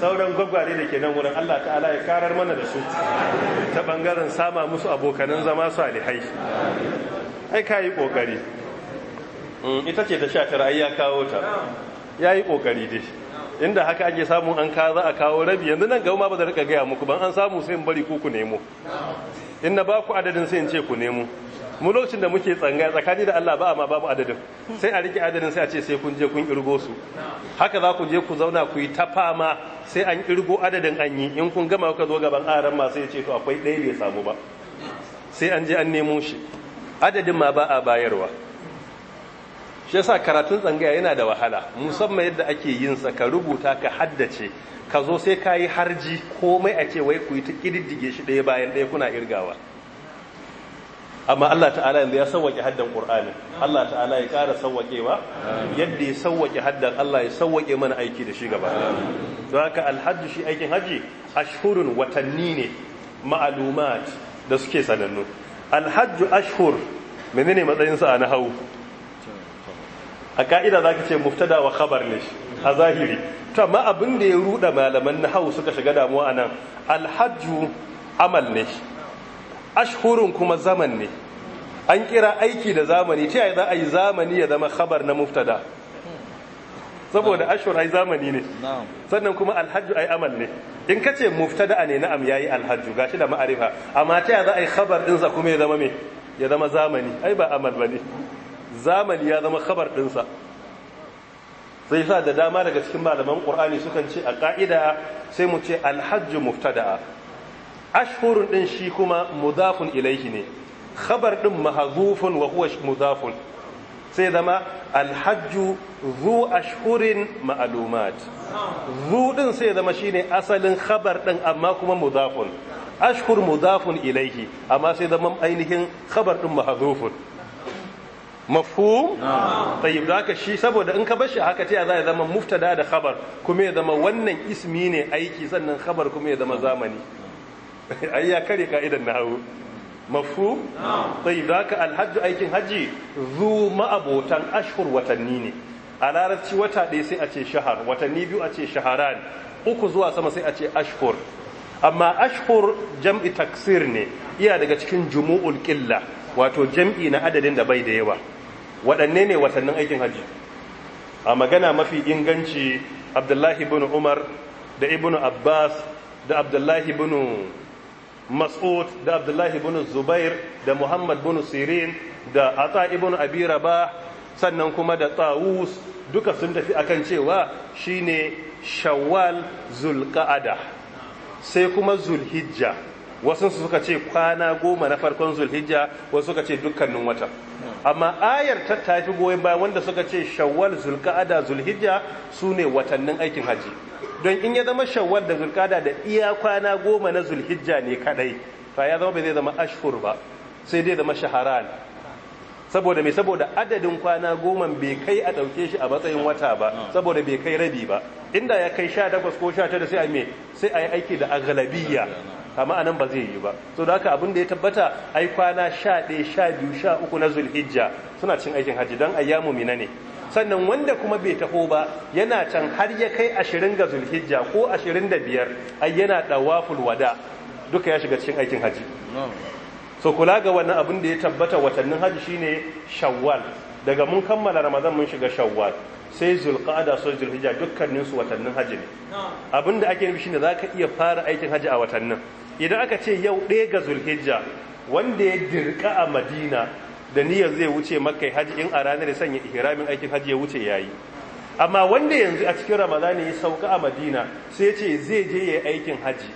sauran gwagware da ke nan wurin Allah ta'ala ya karar mana da su ta bangaren sama musu abokanan zama salihai ai ka yi kokari mm, ita ce ta sha tara ai ya kawo ta ya yi ƙoƙari dai inda haka ake samun an ka za a kawo rabi yanzu nan gaba ba da rika gaya muku ban an samu sai in bari ku ku nemo in na ba ku adadin sai in ce ku nemo mu lokacin da muke tsangaya tsakani da Allah ba amma babu adadin sai a rike adadin sai a ce sai kun je kun irgo su haka za ku je ku zauna ku yi ta fama sai an irgo adadin an yi in kun gama kuka zo gaban aran ma sai ce to akwai ɗaya bai samu ba sai an je an nemo shi adadin ma ba a bayarwa shi yasa karatun tsangaya yana da wahala musamman yadda ake yin sa ka rubuta ka haddace ka zo sai ka yi harji komai a ce wai ku yi ta kididdige shi ɗaya bayan ɗaya kuna irgawa amma Allah ta'ala yanzu ya sawwake haddan Qur'ani Allah ta'ala ya ƙara sawwakewa yadda ya sawwake haddan Allah ya sawwake mana aiki da shi gaba don haka alhajj shi aikin haji ashhurun watanni ne ma'lumat da suke sanannu alhajj ashhur menene matsayin sa na hawu a ka'ida za ka ce muftada wa khabar ne a zahiri to ma abin da ya ruɗa malaman na hau suka shiga damuwa a nan alhajju amal ne ashhurun kuma zaman ne an kira aiki da zamani ta yi za a yi zamani ya zama khabar na muftada saboda ashhur ai zamani ne sannan kuma alhajju ai amal ne in ka ce muftada ne na'am yayi alhajju gashi da ma'arifa amma ta yi za a yi khabar din sa kuma ya zama me ya zama zamani ai ba amal bane zamani ya zama khabar ɗinsa sai sa da dama daga cikin malaman qur'ani sukan ce a ƙa'ida sai mu ce alhajju muftada'a ashhurun ɗin shi kuma mudafun ilaihi ne khabar ɗin mahazufun wa huwa mudafun sai zama al-hajj zu ashhurin ma'lumat zu ɗin sai zama shine asalin khabar ɗin amma kuma mudafun ashhur mudafun ilaihi amma sai zama ainihin khabar ɗin mahazufun mafhum tayyib da ka shi saboda in ka bar shi haka ta za ya zama muftada da khabar kuma ya zama wannan ismi ne aiki sannan khabar kuma ya zama zamani ai ya kare ka'idan nahwu mafhum tayyib da ka alhajj aikin haji zu ma'abotan ashhur watanni ne a larabci wata ɗaya sai a ce shahar watanni biyu a ce shaharan uku zuwa sama sai a ce ashhur amma ashhur jam'i taksir ne iya daga cikin jumu'ul qilla wato jam'i na adadin da bai da yawa waɗanne ne watannin aikin hajji a magana mafi inganci abdullahi bin umar da ibn abbas da abdullahi bin mas'ud da abdullahi bin zubair da muhammad bin sirin da ata ibn abi rabah sannan kuma da tawus duka sun tafi akan cewa shine shawwal zulqa'ada sai kuma zulhijja wasu suka ce kwana goma na farkon zulhijja wasu suka ce dukkanin wata amma ayar ta tafi goyon bayan wanda suka ce shawwal zulka'ada zulhijja su ne watannin aikin hajji. don in ya zama shawwal da zulka'ada da iya kwana goma na zulhijja ne kadai fa ya zama bai zai zama ashhur ba sai dai zama shaharan saboda mai saboda adadin kwana goma bai kai a ɗauke shi a matsayin wata ba ah. saboda bai kai rabi ba inda ya kai sha takwas ko sha tara sai a me sai a yi aiki da agalabiya amma anan ba zai yi ba so da haka abin da ya tabbata ai kwana sha ɗaya sha biyu sha uku na zulhijja suna cin aikin hajji don ayyamu mina ne sannan wanda kuma bai taho ba yana can har ya kai ashirin ga zulhijja ko ashirin da biyar ai yana ɗawafin wada duka ya shiga cikin aikin hajji so kula ga wannan abin da ya tabbata watannin hajji shine shawwal daga mun kammala ramadan mun shiga shawwal sai zulqa'ada so zulhijja dukkanin su watannin hajji ne abin da ake nufi shine zaka iya fara aikin hajji a watannin idan aka ce yau ɗaya ga zulhijja wanda ya dirka a madina da niyyar zai wuce makkai hajji in a ranar sanya ihramin aikin hajji ya wuce yayi amma wanda yanzu a cikin ramadani ya sauka a madina sai ya ce zai je ya aikin hajji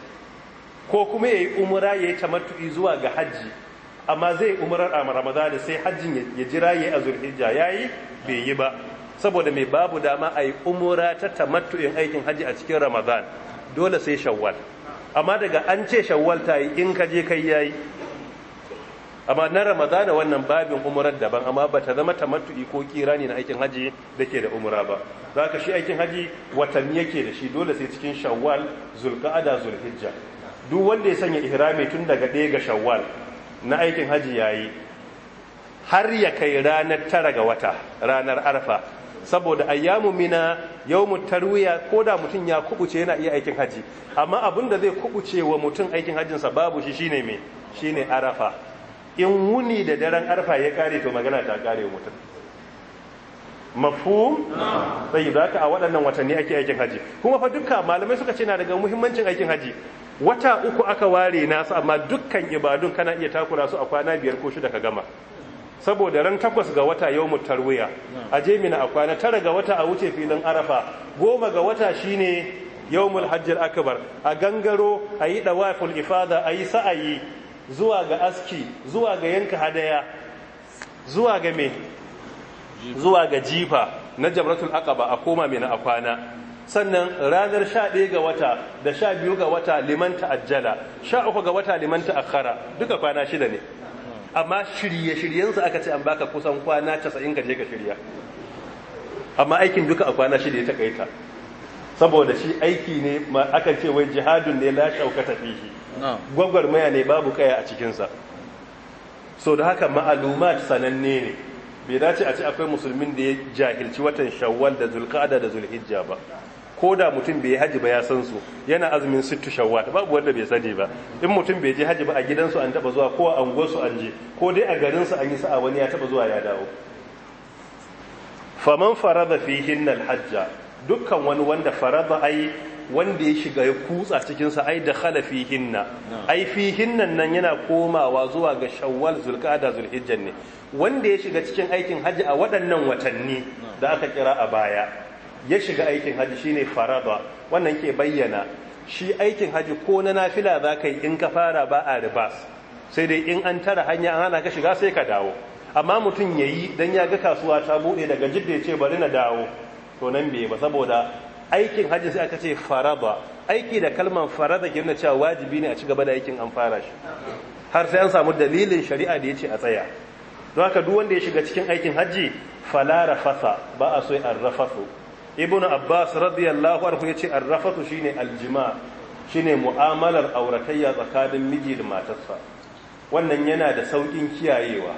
ko kuma ya yi umura ya yi tamattu'i zuwa ga hajji amma zai umurar a ramadana sai hajjin ya jira ya yi a zurhijja ya yi bai yi ba saboda mai babu dama a yi umura ta tamattu'in aikin hajji a cikin ramadan dole sai shawwal amma daga an ce shawwal ta yi in ka je kai ya yi amma na ramadana wannan babin umurar daban amma ba ta zama tamattu'i ko kira ne na aikin haji da ke da umura ba za ka shi aikin hajji watanni yake da shi dole sai cikin shawwal zulka'ada zulhijja duk wanda ya sanya ihrami tun daga ɗaya ga shawwal na aikin haji yayi har ya kai ranar tara ga wata ranar arfa saboda ayyamu mina yau mutarwiya ko da mutum ya kubuce yana iya aikin haji amma abin da zai kubuce wa mutum aikin hajjinsa babu shi shine mai shine arafa in wuni da daren arfa ya kare to magana ta kare mutum mafu. sai ka a waɗannan watanni ake aikin haji kuma fa dukka malamai suka ce na daga muhimmancin aikin haji wata uku aka ware nasu amma dukkan ibadun kana iya takura su a kwana biyar ko shida ka gama saboda ran takwas ga wata yau tarwiya a jemina a kwana tara ga wata a wuce filin arafa goma ga wata shine yau mulhajjar akabar, a gangaro a yi ɗawa ifada a yi sa'ayi zuwa ga aski zuwa ga yanka hadaya zuwa ga me zuwa ga jifa na jamratul akaba a koma mina a kwana sannan ranar sha ɗaya ga wata da sha biyu ga wata liman ta'ajjala sha uku ga wata liman ta'akhara duka kwana shida ne amma shirye-shiryensu aka ce an baka kusan kwana casa'in ka je ka shirya amma aikin duka a kwana shida ya takaita saboda shi aiki ne ma aka ce wai jihadun ne la ta fihi gwagwarmaya ne babu kaya a cikinsa so da haka ma'alumat sananne ne bai dace a ce akwai musulmin da ya jahilci watan shawwal da zulqa'ada da zulhijja ba ko da mutum bai haji ba ya san su yana azumin sittu shawwal babu wanda bai sani ba in mutum bai je haji ba a gidansu an taba zuwa ko a unguwarsu an je ko dai a garin su an yi sa'a wani ya taba zuwa ya dawo faman farada fihin alhajja dukkan wani wanda farada ai wanda ya shiga ya kutsa cikinsa ai da khala fihinna ai fihinnan nan yana komawa zuwa ga shawwal zulqada zulhijja ne wanda ya shiga cikin aikin haji a waɗannan watanni da aka kira a baya ya shiga aikin haji shine farada wannan ke bayyana shi aikin haji ko na nafila za ka yi in ka fara ba a ribas sai dai in an tara hanya an hana ka shiga sai ka dawo amma mutum ya yi don ya ga kasuwa ta buɗe daga jidda ce bari na dawo to nan bai ba saboda aikin hajji sai aka ce faraba aiki da kalman farada girna cewa wajibi ne a ci gaba da aikin an fara shi har sai an samu dalilin shari'a da ya ce a tsaya don haka duk wanda ya shiga cikin aikin hajji fala rafasa ba a so an rafasu ibnu abbas radiyallahu anhu yace arrafatu shine aljima shine mu'amalar auratayya tsakanin miji da matarsa wannan yana da saukin kiyayewa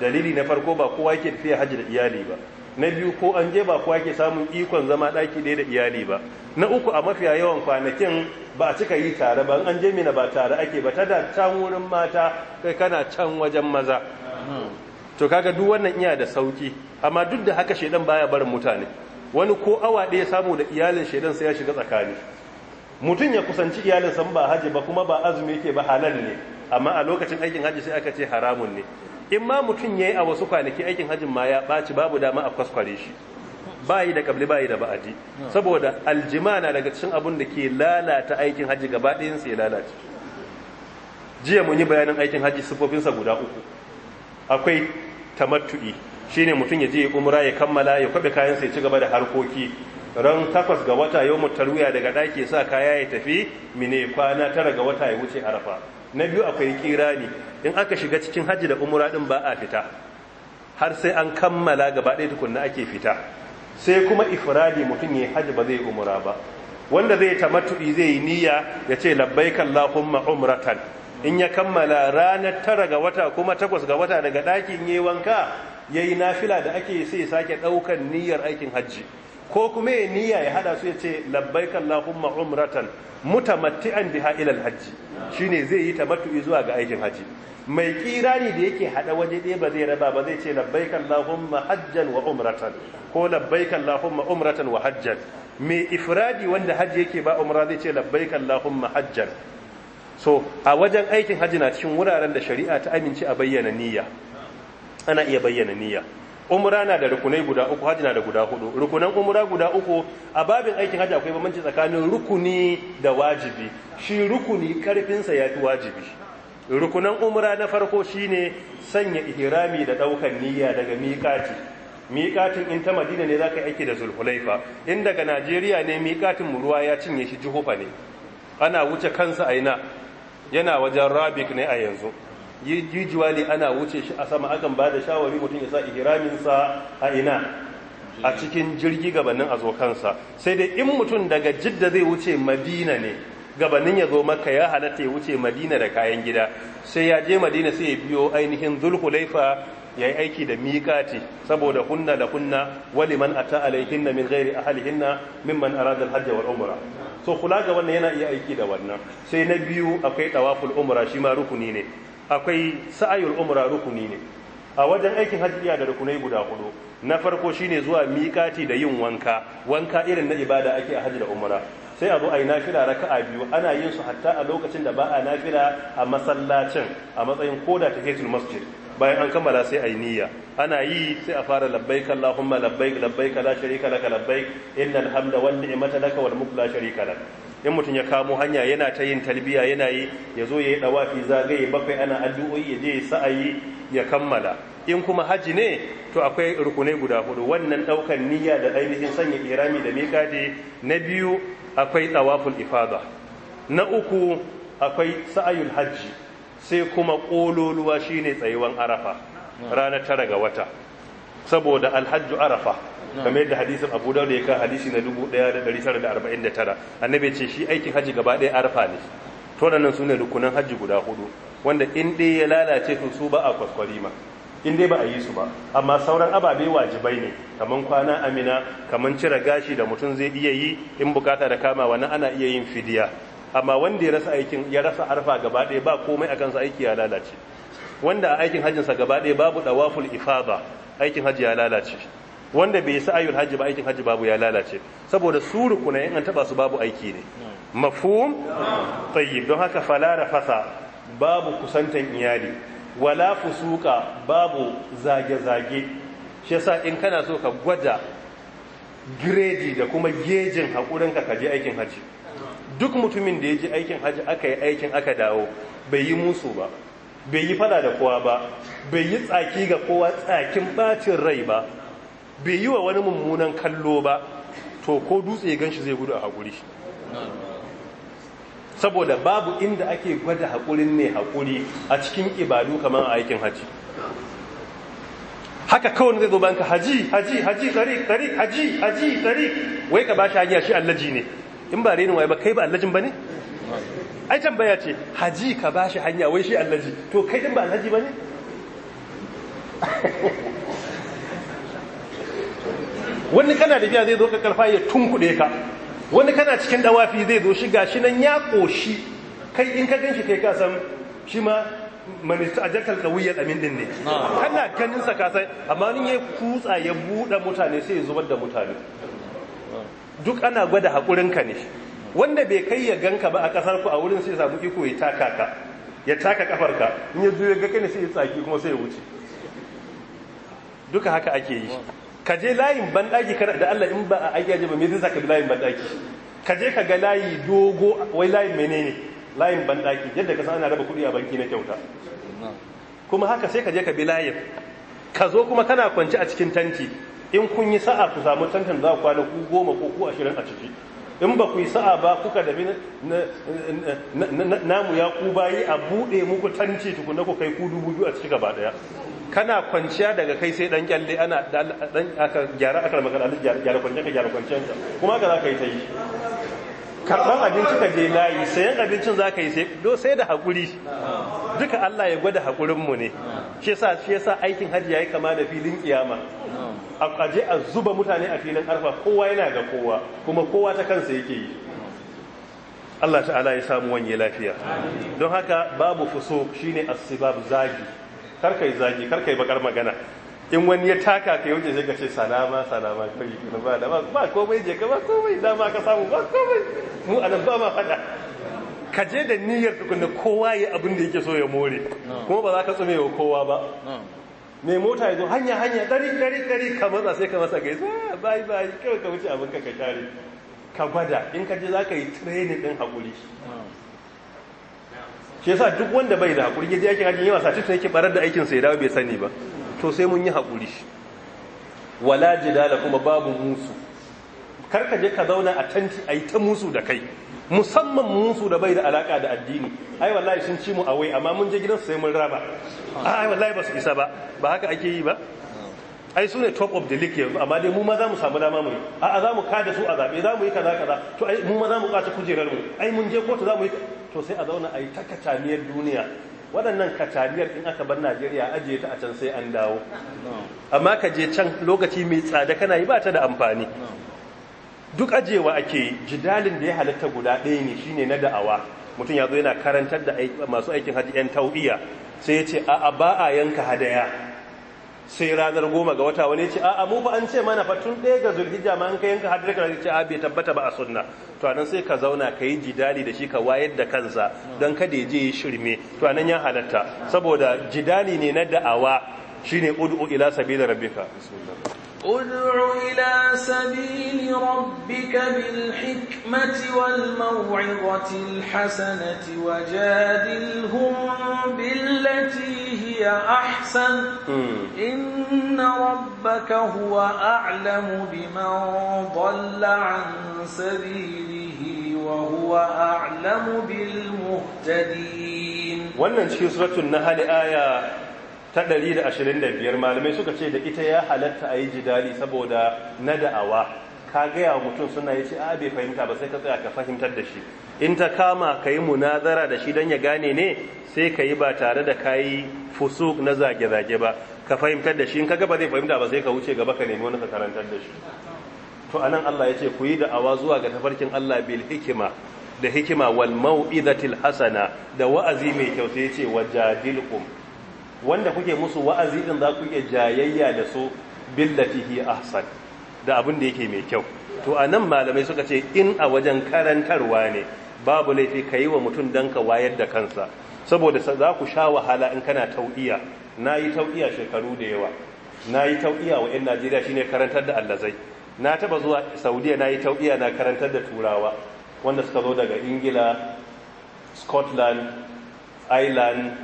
dalili na farko ba kowa yake tafiya hajji da iyali ba na biyu ko an je ba kowa yake samun ikon zama daki ɗaya da iyali ba na uku a mafiya yawan kwanakin ba a cika yi tare ba an je mina ba tare ake ba ta da can wurin mata kai kana can wajen maza hmm. to kaga duk wannan iya da sauki amma duk da haka shedan baya barin mutane wani ko awa ɗaya samu da iyalin shaidan sai ya shiga tsakani mutum ya kusanci iyalin san ba haji ba kuma ba azumi yake ba halal ne amma a lokacin aikin haji sai aka ce haramun ne in ma mutum ya yi a wasu kwanaki aikin hajin ma ya ɓaci babu dama a kwaskware shi Ba yi da kabli yi da ba'adi saboda aljima na daga cikin abun da ke lalata aikin haji gaba ɗayan sai lalace jiya mun yi bayanin aikin haji siffofinsa guda uku akwai tamattu'i Shi ne mutum ya je ya umra ya kammala ya kwabe kayansa ya ci gaba da harkoki ran takwas ga wata yau mutar wuya daga ɗaki sa kaya ya tafi mine kwana tara ga wata ya wuce arafa na biyu akwai kirani in aka shiga cikin hajji da umra din ba a fita har sai an kammala gaba ɗaya tukunna ake fita sai kuma ifradi mutum ya yi hajji ba zai umra ba wanda zai tamattu'i zai yi niyya ya ce labbaika Allahumma umratan in ya kammala ranar tara ga wata kuma takwas ga wata daga ɗakin yi wanka ya yi nafila da ake sai ya sake ɗaukan niyyar aikin hajji ko kuma ya niyya ya hada su ya ce labbaikan Allahumma umratan mutamatti'an biha ilal Shi shine zai yi tamattu'i zuwa ga aikin hajji. mai kirani da yake hada waje ɗaya ba zai raba ba zai ce labbaik Allahumma hajjan wa umratan ko labbaik Allahumma umratan wa hajjan mai ifradi wanda hajji yake ba umra zai ce labbaik Allahumma hajjan so a wajen aikin hajji na cikin wuraren da shari'a ta amince a bayyana niyya ana iya bayyana niyya umra na da rukunai guda uku hajji na da guda hudu rukunan umra guda uku a babin aikin hajji akwai bambanci tsakanin rukuni da wajibi shi rukuni karfinsa ya fi wajibi rukunan umra na farko shine sanya ihrami da daukan niyya daga miƙati miƙatin in ta madina ne zaka ka yi aiki da zulhulaifa in daga najeriya ne miƙatin ruwa ya cinye shi juhufa ne ana wuce kansa aina yana wajen rabik ne a yanzu jijiwa ne ana wuce shi a sama akan ba da shawari mutum ya sa ihraminsa a ina a cikin jirgi gabanin a zo kansa sai dai in mutum daga jidda zai wuce madina ne gabanin ya zo maka ya halatta ya wuce madina da kayan gida sai ya je madina sai ya biyo ainihin zulhulaifa ya yi aiki da miƙati saboda kunna da hunna wali man ata alaihinna min ghairi hinna min arada alhajj hajjawar umura. so kula ga wannan yana iya aiki da wannan sai na biyu akwai ɗawaful umura shi ma rukuni ne akwai sa'ayul umra rukuni ne a wajen aikin hajji da rukunai guda hudu na farko shine zuwa miƙati da yin wanka wanka irin na ibada ake a hajji da umra sai a zo a yi nafila raka'a biyu ana yin su hatta a lokacin da ba a nafila a masallacin a matsayin koda ta hetul masjid bayan an kammala sai a yi niyya ana yi sai a fara labbai Allahumma labbai labbaik la sharika laka labbaik innal hamda wan ni'mata laka wal mulku la sharika in mutum ya kamo hanya yana ta yin talbiya yana yi ya zo ya yi dawafi zagaye bakwai ana addu'o'i ya je sa'ayi ya kammala in kuma haji ne to akwai rukunai guda hudu wannan daukan niyya da ainihin sanya irami da miƙati na biyu akwai tawaful ifada na uku akwai sa'ayul hajji sai kuma ƙololuwa shine tsayuwan arafa ranar tara ga wata saboda alhajju arafa kamar yadda hadisin abu da ya kan hadisi na 1949 annabi ce shi aikin haji gaba ɗaya arfa ne to nan su ne rukunan haji guda hudu wanda in dai ya lalace to su ba a kwaskwari ma in dai ba a yi su ba amma sauran ababe wajibai ne kamar kwana amina kamar cire gashi da mutum zai iya yi in bukata da kama wani ana iya yin fidiya amma wanda ya rasa aikin ya rasa arfa gaba ɗaya ba komai a kansa aiki ya lalace wanda a aikin hajjinsa gaba ɗaya babu ɗawaful ifaba aikin hajji ya lalace wanda bai sa ayyul hajji ba aikin hajji babu ya lalace saboda su rukunai in taba su babu aiki ne mafhum tayyib don haka fala rafasa babu kusantan iyali wala fusuka babu zage zage shi yasa in kana so ka gwada grade da kuma gejin hakurin ka kaje aikin hajji duk mutumin da ya je aikin hajji aka yi aikin aka dawo bai yi musu ba bai yi fada da kowa ba bai yi tsaki ga kowa tsakin bacin rai ba bai yi wa wani mummunan kallo ba to ko dutse ya ganshi zai gudu a haƙuri saboda babu inda ake gwada haƙurin mai haƙuri a cikin ibadu kamar aikin haji haka kawai zai zo banka haji haji haji tariq tariq haji haji tariq wai ka bashi hajiya shi allaji ne in ba renin wai ba kai ba allajin ne? ai tambaya ce haji ka bashi hanya wai shi allaji to kai din ba allaji ne? wani kana da biya zai zo ka ya tunkuɗe ka wani kana cikin ɗawafi zai zo shiga shi nan ya ƙoshi kai in ka ganshi kai kasan shi ma manista a jakar kawiyar amin din ne kana ganin sa ka amma ni ya kutsa ya buɗe mutane sai ya zubar da mutane duk ana gwada ka ne wanda bai kai ya ganka ba a ƙasar ku a wurin sai samu iko ya taka ka ya taka kafarka in ya zo ya ga kai sai ya tsaki kuma sai ya wuce duka haka ake yi ka je layin banɗaki kana da Allah in ba a ayyaje ba me zai saka layin banɗaki ka je ka ga layi dogo wai layin menene layin banɗaki yadda ka san ana raba kuɗi a banki na kyauta kuma haka sai ka je ka bi layin ka zo kuma kana kwance a cikin tanti in kun yi sa'a ku samu tantin za ku kwana ku goma ko ku ashirin a ciki in ba ku yi sa'a ba kuka dabi namu ya ku bayi a buɗe muku tanci tukuna ku kai ku dubu biyu a ciki gaba ɗaya kana kwanciya daga kai sai dan kyalle ana dan aka gyara aka magana gyara kwanciya ka gyara kwanciyanka kuma ka za ka yi ta yi karban abinci ka je layi sayan abincin za ka yi sai da haƙuri duka Allah ya gwada haƙurinmu ne shi yasa aikin hajji ya yi kama da filin kiyama a je a zuba mutane a filin karfa kowa yana ga kowa kuma kowa ta kansa yake yi Allah ta'ala ya samu wanye lafiya don haka babu fuso shine asbab zagi karkai zagi karkai bakar magana in wani ya taka ka wuce sai ka ce salama salama kai kuma ba da ba komai je ka ba komai da ma ka samu ba komai mu a ba ma fada ka je da niyyar da kowa ya abin da yake so ya more kuma ba za ka tsume wa kowa ba mai mota ya zo hanya hanya dari dari dari ka matsa sai ka masa gaisa bai ah, bai kawai ka wuce abin ka ka ka gwada in ka je za ka yi training din hakuri shi yasa duk wanda bai da hakuri ya je aikin hajji yawa sa cikin yake barar da aikinsa ya dawo bai sani ba to sai mun yi haƙuri wala jidala kuma babu musu karka je ka zauna a tanti a yi ta musu da kai musamman musu da bai da alaka da addini ai wallahi sun ci mu a wai amma mun je gidansu sai mun raba ai wallahi ba su isa ba ba haka ake yi ba ai su ne top of the league yanzu amma dai mu ma za mu samu dama mu a za mu kada su a zaɓe za mu yi kaza kaza to ai mu ma za mu kwace kujerar mu ai mun je kotu za mu yi to sai a zauna a yi takataniyar duniya waɗannan katariyar in aka bar najeriya ajiye ta a can sai an dawo amma ka je can lokaci mai tsada kana yi ba ta da amfani duk ajewa ake yi jidalin da ya halatta guda ɗaya ne shine na da'awa mutum ya zo yana karantar da masu aikin hajji 'yan tau'iya sai ya ce a ba a yanka hadaya sai ranar goma ga wata wani ce a mu ba an ce mana fa tun ɗaya ga zulhijja ma an kai yanka hadar ka ce a bai tabbata ba a sunna to anan sai ka zauna ka yi jidali da shi ka wayar da kansa don kada ya je ya shirme to anan ya halatta saboda jidali ne na da'awa shine ud'u ila sabila rabbika bismillah ادع إلى سبيل ربك بالحكمة والموعظة الحسنة وجادلهم بالتي هي أحسن إن ربك هو أعلم بمن ضل عن سبيله وهو أعلم بالمهتدين wannan cikin suratul nahl aya ta 125 malamai suka ce da ita ya halatta a yi jidali saboda na da'awa ka gaya wa mutum suna yi ce a bai fahimta ba sai ka tsaya ka fahimtar da shi in ta kama ka yi munazara da shi don ya gane ne sai ka yi ba tare da ka yi fusuk na zage-zage ba ka fahimtar da shi in ka gaba zai fahimta ba sai ka wuce gaba ka nemi wani ka karantar da shi to anan Allah ya ce ku yi da'awa zuwa ga tafarkin Allah bil hikima da hikima wal mau'izatil hasana da wa'azi mai kyau sai ya ce wajadilkum wanda kuke musu wa'azi ɗin za ku iya jayayya da su a ahsan da abin da yake mai kyau to a nan malamai suka ce in a wajen karantarwa ne babu laifi ka yi wa mutum don ka wayar da kansa saboda za ku sha wahala in kana tau'iya na yi tau'iya shekaru da yawa na yi tau'iya wa 'yan najeriya shine karantar da allazai na taba zuwa saudiya na yi tau'iya na karantar da turawa wanda suka zo daga ingila scotland ireland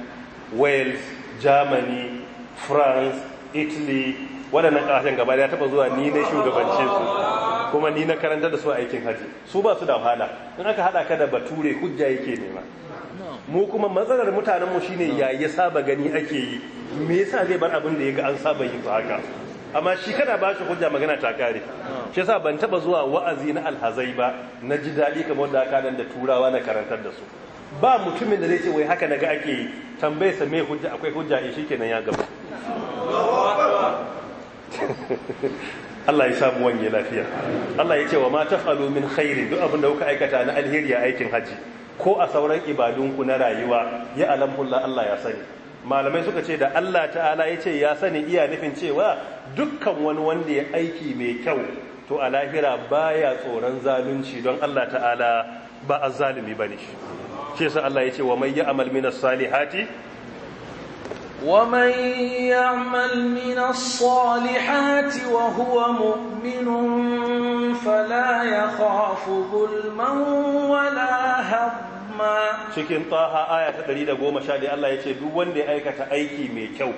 wales germany france italy waɗannan ƙasashen gaba ya taɓa zuwa ni na shugabance su kuma ni na karanta da su aikin haji su ba su da wahala in aka haɗa ka da bature hujja yake nema mu kuma matsalar mutanenmu shine ya ya saba gani ake yi me yasa zai bar abin da ya ga an saba yi ba haka amma shi kana ba shi hujja magana ta kare shi yasa ban taba zuwa wa'azi na alhazai ba na ji daɗi kamar da aka da turawa na karantar da su ba mutumin da zai ce wai haka naga ake yi tambaye sa mai hujja akwai hujja a eh, shi kenan ya gaba Allah ya samu wanye lafiya Allah ya ce wa ma tafalu min khairi duk abin da kuka aikata na alheri a aikin haji ko a sauran ibadunku na rayuwa ya alamhulla Allah ya sani malamai suka ce da Allah ta'ala ya ce ya sani iya nufin cewa dukkan wani wanda ya aiki mai kyau to a lahira baya tsoron zalunci don Allah ta'ala ba azzalimi bane shi shi yasa Allah ya ce wa may ya'mal minas salihati wa may ya'mal minas salihati wa huwa mu'minun fala yakhafu gulman wala hamma cikin taha aya ta 110 Allah ya ce duk wanda ya aikata aiki mai kyau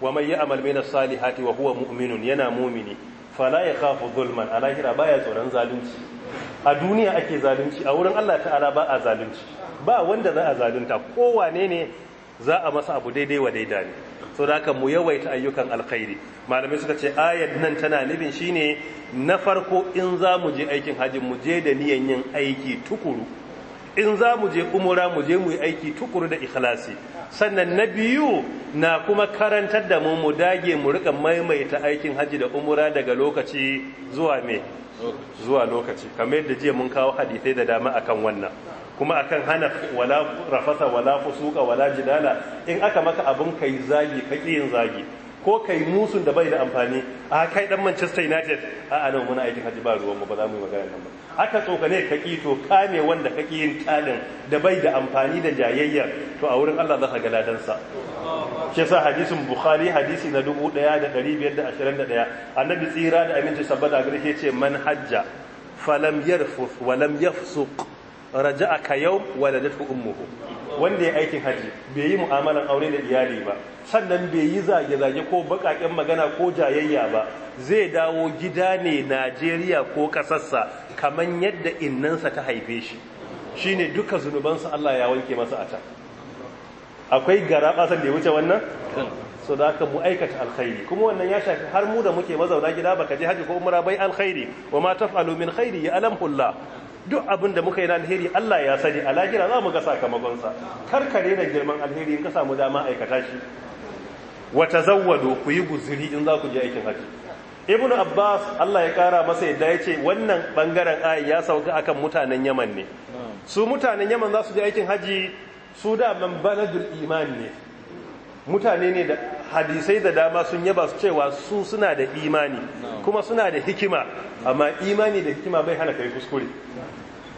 wa may ya'mal minas salihati wa huwa mu'minun yana mu'mini fala yakhafu zulman lahira baya tsoron zalunci a duniya ake zalunci a wurin Allah ta'ala ba a zalunci ba wanda za a zalunta kowane ne za a masa abu daidai wa daida ne so da aka mu yawaita ayyukan alkhairi malamai suka ce ayat nan tana nufin shine na farko in za mu je aikin hajji mu je da niyan yin aiki tukuru in za mu je umura mu je mu yi aiki tukuru da ikhlasi sannan na biyu na kuma karantar da mu mu dage mu rika maimaita aikin hajji da umura daga lokaci zuwa me zuwa lokaci kamar yadda jiya mun kawo hadisai da dama akan wannan kuma akan hana wala rafasa wala fusuka wala jidala in aka maka abun kai zagi ka yin zagi ko ka yi musun da bai da amfani a kai dan Manchester United a anan muna aikin haji ba ruwanmu ba za mu yi magana nan ba aka tsokane ka ƙi to kame wanda ka ƙi yin talin da bai da amfani da jayayya to a wurin Allah za ka ga ladan sa shi yasa hadisin Bukhari hadisi na 1521 annabi tsira da aminci sabbata ke ce man hajja falam yarfus walam yafsuq raja'a aka yau waladatu ummuhu wanda ya aikin haji bai yi mu'amalan aure da iyali ba sannan bai yi zage-zage ko bakaken magana ko jayayya ba zai dawo gida ne Najeriya ko kasarsa kaman yadda innansa ta haife shi Shi ne duka zunubansa Allah ya wanke masa a can akwai gara ƙasar da ya wuce wannan so da aka mu aikata alkhairi kuma wannan ya shafi har mu da muke mazauna gida baka je haji ko umra bai alkhairi wa ma taf'alu min khairi ya alamhu hula duk abin da muka yi na alheri Allah ya sani a lahira za mu ga sakamakonsa karkare da girman alheri in ka samu dama aikata shi wata zawwado ku yi guzuri in za ku je aikin haji ibn abbas Allah ya kara masa yadda ya ce wannan bangaren ayi ya sauka akan mutanen yaman ne su mutanen yaman za su je aikin haji su da man baladul iman ne mutane ne da hadisai da dama sun yaba su cewa su suna da imani kuma suna da hikima amma imani da hikima bai hana kai kuskure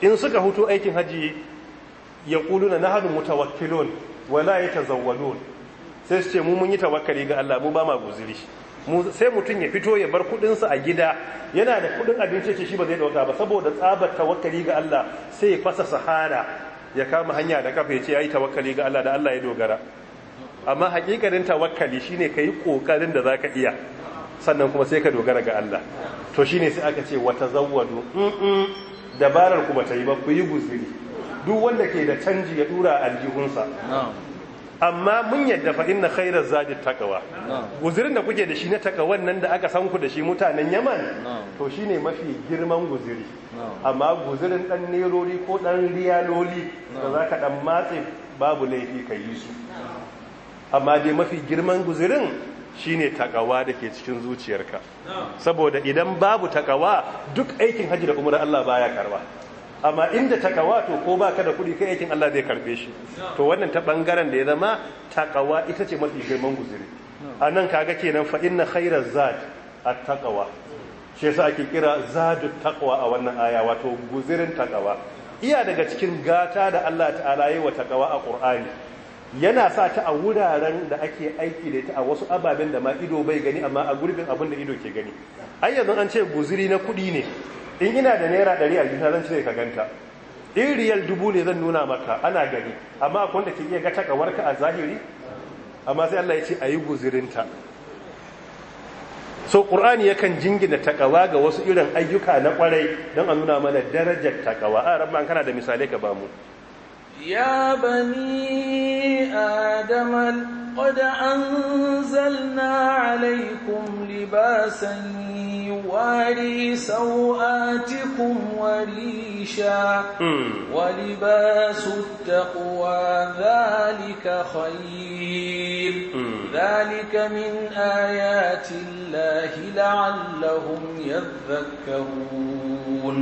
in suka hutu aikin haji ya kuluna na hadu mutawakkilun wala ya tazawwalun sai su ce mu mun yi tawakkali ga Allah mu ba ma guziri sai mutum ya fito ya bar kudinsa a gida yana da kudin abinci ce shi ba zai dauka ba saboda tsabar tawakkali ga Allah sai ya fasa sahara ya kama hanya da kafa ya ce ya yi tawakkali ga Allah da Allah ya dogara amma hakikarin tawakkali shine kai kokarin da zaka iya sannan kuma sai ka dogara ga Allah to shine sai aka ce wa tazawwadu dabarar ku bata yi ba ku yi guzuri duk wanda ke da canji ya dura aljihunsa amma mun yadda fa inna khairaz zadi taqwa guzurin da kuke da shi na takawan nan da aka san ku da shi mutanen Yaman to shine mafi girman guzuri amma guzurin dan nerori ko dan riyaloli da zaka dan matse babu laifi ka yi su amma dai mafi girman guzirin shine takawa da ke cikin zuciyarka saboda idan babu takawa duk aikin hajji da umara Allah baya karba amma inda takawa to ko baka da kuɗi kai aikin Allah zai karbe shi to wannan ta bangaren da ya zama takawa ita ce mafi girman guziri anan kaga kenan fa inna khairaz zad at takawa shi yasa ake kira zadut takwa a wannan aya wato guzirin takawa iya daga cikin gata da Allah ta'ala yi wa takawa a Qur'ani yana sa ta a wuraren da ake aiki da ita a wasu ababen da ma ido bai gani amma a gurbin abin da ido ke gani ai yanzu an ce guziri na kuɗi ne in ina da naira ɗari a juna zan cire ka ganta in riyal dubu ne zan nuna maka ana gani amma akwai wanda ke iya ga takawarka a zahiri amma sai Allah ya ce ayi guzirinta so ƙur'ani yakan jingina takawa ga wasu irin ayyuka na kwarai don a nuna mana darajar takawa a rabban kana da misalai ka ba mu. يا بني آدم قد أنزلنا عليكم لباسا يواري سوآتكم وريشا ولباس التقوى ذلك خير ذلك من آيات الله لعلهم يذكرون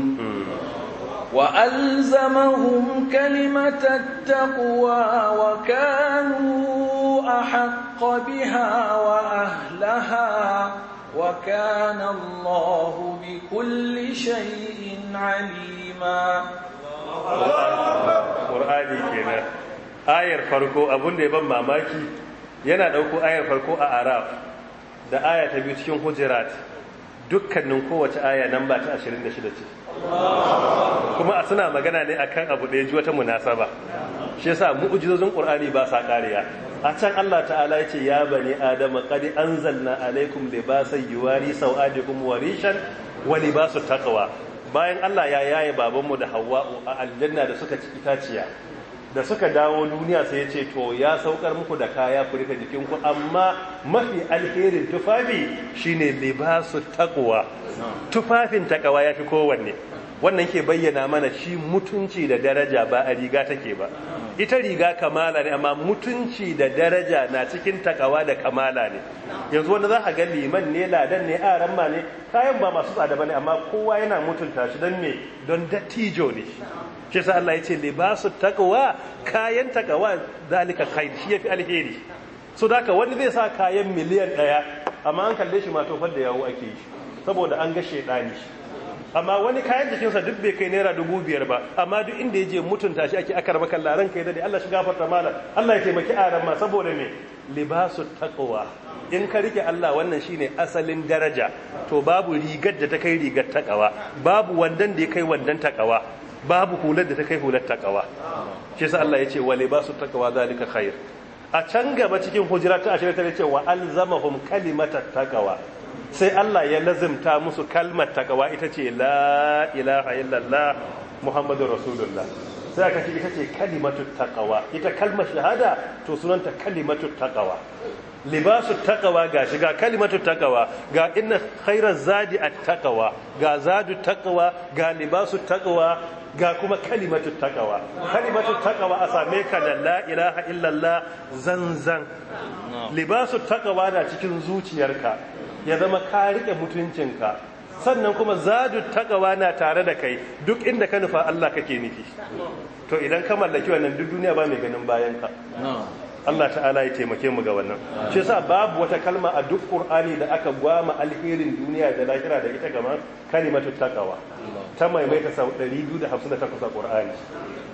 وألزمهم كلمة التقوى وكانوا أحق بها وأهلها وكان الله بكل شيء عليما قرآني كده آية فرقو أبن دي بن ماماكي yana ɗauko ayar farko a araf da aya ta biyu cikin hujirat dukkanin kowace aya nan ba ta 26 ce kuma a suna magana ne akan abu da ya ji wata munasaba shi yasa mu'jizozin qur'ani ba sa kariya a can Allah ta'ala yace ya bani adama qad anzalna alaikum libasan yuwari sawadikum warishan wa libasu taqwa bayan Allah ya yaye babanmu da hawa'u a aljanna da suka ci itaciya da suka dawo duniya sai ya ce to ya saukar muku da kaya ku rika jikinku amma mafi alherin tufafi shine libasu taqwa tufafin takawa yafi kowanne wannan ke bayyana mana shi mutunci da daraja ba a riga take ba ita riga kamala ne amma mutunci da daraja na cikin takawa da kamala ne yanzu wanda za a ga liman ne ladan ne aran ma ne kayan ba masu tsada ba ne amma kowa yana mutunta shi don me don dattijo ne shi sa Allah ya ce libasu takwa kayan takwa zalika khair shi yafi alheri so daka wani zai sa kayan miliyan daya amma an kalle shi ma tofar da yawo ake yi saboda an ga shedani amma wani kayan sa duk bai kai naira dubu biyar ba amma duk inda ya je mutunta shi ake akar maka laran kai dade Allah shi gafarta mala Allah ya taimaki aran ma saboda me libasu takwa in ka rike Allah wannan shine asalin daraja to babu rigar da ta kai rigar takawa babu wandan da ya kai wandan takawa babu hular da ta kai hular takawa shi sa Allah ya ce wa libasu takawa zalika khair a can gaba cikin hujira ta ashirin ta ce wa alzamahum kalimata takawa sai Allah ya lazimta musu kalmar takawa ita ce la ilaha illallah muhammadur rasulullah sai aka ce ita ce kalimatu takawa ita kalmar shahada to sunanta kalimatu takawa libasu takawa ga shiga ga kalimatu takawa ga inna khairar zadi a takawa ga zadu takawa ga libasu takawa ga kuma kalimatu takawa kalimatu takawa a same ka da ilaha illallah zanzan libasu takawa na cikin zuciyarka ya zama ka rike mutuncinka sannan kuma zadu takawa na tare da kai duk inda ka nufa Allah kake nufi to idan ka mallaki wannan duk duniya ba mai ganin bayanka ka Allah ta'ala ya taimake mu ga wannan shi yasa babu wata kalma a duk Qur'ani da aka gwama alherin duniya da lahira da ita gama kalimatu taqwa ta maimaita sau 258 a Qur'ani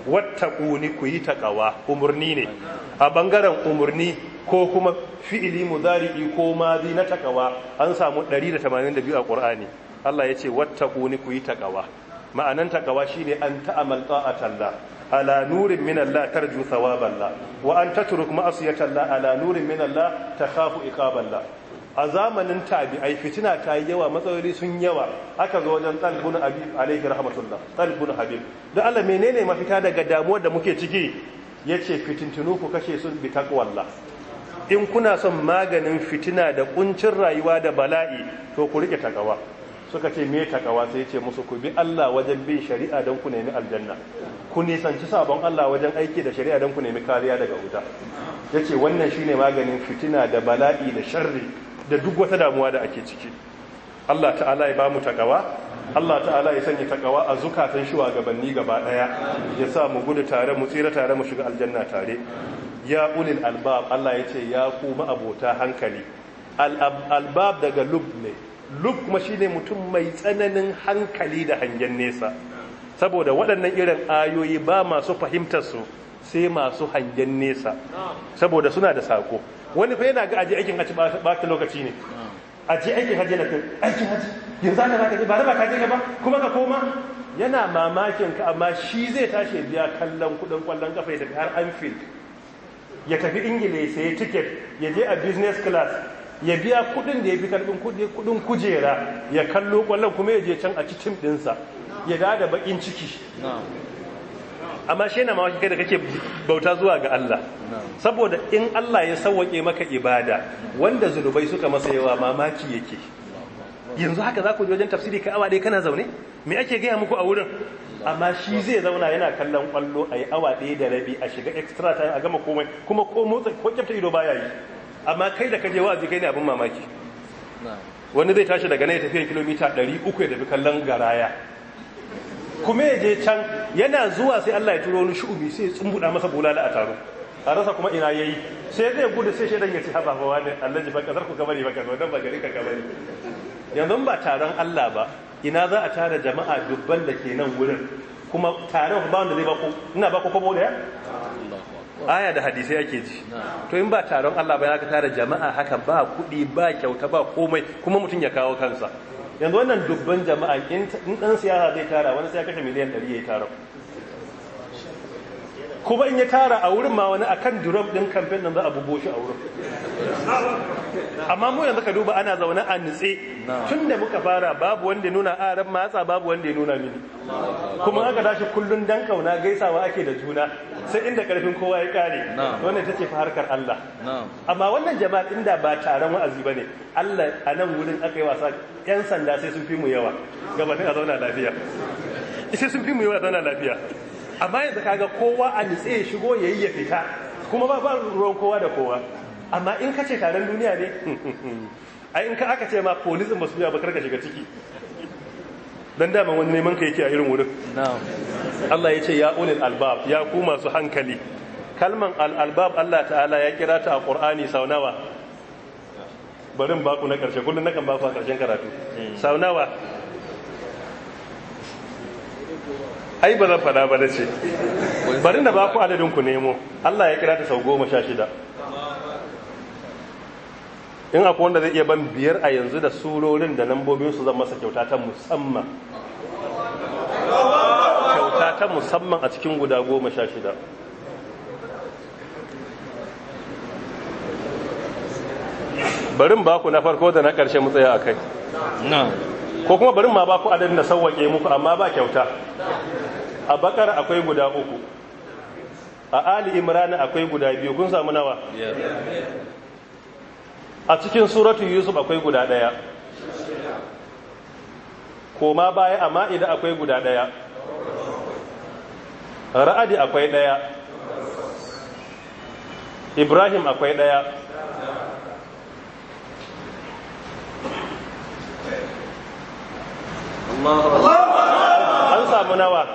wattaquni ku yi taqwa umurni ne a bangaren umurni ko kuma fi'ili mudari'i ko madi na taqwa an samu 182 a Qur'ani Allah ya ce wattaquni ku yi taqwa ma'anan taqwa shine an ta'amal ta'atallah ala nurin min Allah tarju thawaballah wa an tatruk ma'asiyata ala nurin min Allah takhafu iqaballah a zamanin tabi'ai fitina ta yi yawa matsaloli sun yawa aka zo wajen talbun habib alayhi rahmatullah talbun habib don Allah menene mafita daga damuwar da muke ciki yace fitintunu ku kashe sun bi taqwallah in kuna son maganin fitina da kuncin rayuwa da bala'i to ku rike takawa suka ce me takawa sai ce musu ku bi Allah wajen bin shari'a don ku nemi aljanna ku nisanci sabon Allah wajen aiki da shari'a don ku nemi kariya daga wuta yace wannan shine maganin fitina da bala'i da sharri da duk wata damuwa da ake ciki Allah ta'ala ya ba mu takawa Allah ta'ala ya sanya takawa a zukatan gabanni gaba daya ya sa mu gudu tare mu tsira tare mu shiga aljanna tare ya ulil albab Allah yace ya ku ma abota hankali albab daga lub ne luk kuma shine mutum mai tsananin hankali da hangen nesa saboda waɗannan irin ayoyi ba masu fahimtar su sai masu hangen nesa saboda suna da sako wani fa yana ga aje aikin haji ba ta lokaci ne aje aikin haji na kai aikin haji yanzu ana zaka je ba ba ka je ba kuma ka koma yana mamakin ka amma shi zai tashi biya kallon kudin kwallon kafa ya tafi har Anfield ya tafi Ingila ya sayi ticket ya je a business class ya biya kudin da ya fi karbin kudin kujera ya kallo kwallon kuma ya je can a cikin dinsa ya da da bakin ciki amma shi na mawaki da kake bauta zuwa ga Allah saboda in Allah ya sauwake maka ibada wanda zunubai suka masa yawa mamaki yake yanzu haka za ku wajen tafsiri ka awa ɗaya kana zaune me ake gaya muku a wurin amma shi zai zauna yana kallon kwallo a yi awa ɗaya da rabi a shiga extra time a gama komai kuma ko motsa ko kyafta ido baya yi amma kai da kaje wa'azi kai ne abin mamaki wani zai tashi daga nan ya tafiya kilomita 300 da bi kallon garaya kuma ya je can yana zuwa sai Allah ya turo wani shu'ubi sai ya tsumbuda masa bulala a taro a rasa kuma ina yayi sai zai gudu sai shedan ya ci haba ba wani Allah ba kasar ku kabari ba kasar dan ba gari ka kabari yanzu ba taron Allah ba ina za a tara jama'a dubban da ke nan wurin kuma taron ba wanda zai ba ku ina ba ku kwabo daya aya da hadisai ake ci. to in ba taron Allah ba ka tara jama'a haka ba kudi ba kyauta ba komai kuma mutum ya kawo kansa yanzu wannan dubban jama'a in dan siyasa zai tara wani sai ya kashe miliyan 100 ya yi taron kuma in ya tara a wurin ma wani akan duram din kamfen nan za a bubo shi a wurin amma mu yanzu ka duba ana zaune a nutse tun da muka fara babu wanda nuna aran matsa babu wanda ya nuna mini kuma aka tashi kullum dan kauna gaisawa ake da juna sai inda karfin kowa ya kare wannan tace fa harkar Allah amma wannan jama'a inda ba taron wa'azi bane Allah a nan wurin aka yi wasa yan sanda sai sun fi mu yawa gabanin a zauna lafiya sai sun fi mu yawa zauna lafiya amma yanzu kaga kowa a nitse ya shigo yayi ya fita kuma ba ruwan kowa da kowa amma in ka ce taron duniya ne A in ka aka ce ma police ba su ba ka shiga ciki dan dama wani neman ka yake a irin wurin Allah ya ce ya ulil albab ya ku masu hankali kalman al-albab Allah ta'ala ya kira ta a Qur'ani sau nawa barin baku na ƙarshe kullum nakan baku a ƙarshen karatu hmm. sau nawa ai ba zan faɗa ba na ce bari na ba ku adadin ku nemo Allah ya kira ta sau goma sha shida in akwai wanda zai iya ban biyar a yanzu da surorin da lambobinsu zan masa kyauta ta musamman kyauta ta musamman a cikin guda goma sha shida barin baku na farko da na ƙarshe mu a kai ko kuma barin ma ba ku adadin da sauwake muku amma ba kyauta a bakar akwai guda uku a ali imrani akwai guda biyu kun samu nawa a cikin suratu yusuf akwai guda daya koma baya a ma'ida akwai guda daya ra'adi akwai daya ibrahim akwai ɗaya. an samu nawa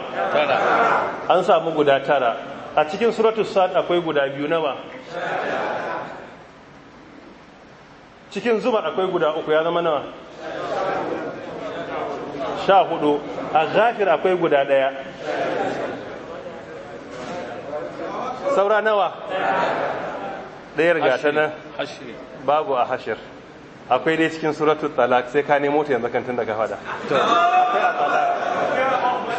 an samu guda tara a cikin suratul sa'ad akwai guda biyu nawa cikin zuma akwai guda uku ya zama nawa sha hudu a zafir akwai guda daya saura nawa ɗayar gata nan babu a hashir akwai dai cikin suratul talak sai ka nemo ta yanzu kan tun daga fada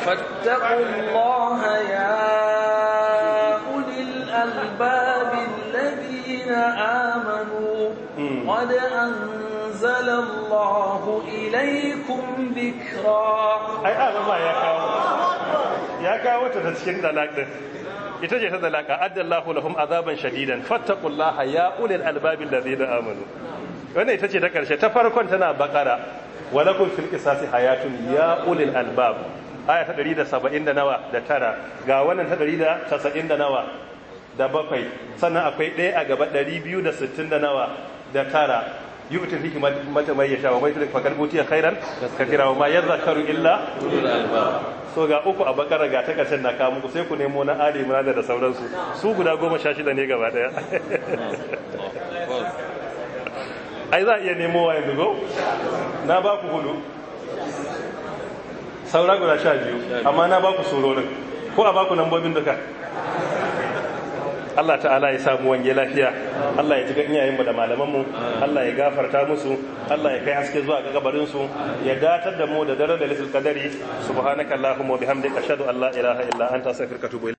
fattaqullaha ya ulil albab Ladina amanu hmm. qad anzala Allahu ilaykum dhikra ai Allah ya kawo ya kawo ta cikin talak din ita ce ta talaka addallahu lahum azaban shadidan fattaqullaha ya ulil albab Ladina amanu wannan ita ce ta ƙarshe ta farkon tana bakara walakun fil qisasi hayatun ya ulil albab aya ta 170 da nawa da tara ga wannan ta 190 da nawa da bakwai sannan akwai ɗaya a gaba 260 da nawa da tara yu'ti hikmat mata mai yasha wa maitulik fakar butiya khairan kathira wa ma yadhakkaru illa ulul so ga uku a bakara ga ta ƙarshen na kamun sai ku nemo na adi murada da sauransu su guda goma sha shida ne gaba daya ai za a iya nemo wa yanzu go na ba ku hudu saura guda sha biyu amma na ba ku surorin ko a ba ku nambobin duka Allah ta'ala ya samu wange lafiya Allah ya ji ganyayenmu da malamanmu Allah ya gafarta musu Allah ya kai haske zuwa ga su ya datar da mu da dare da lisul qadari subhanakallahumma wa bihamdika ashhadu an la ilaha illa anta astaghfiruka wa atubu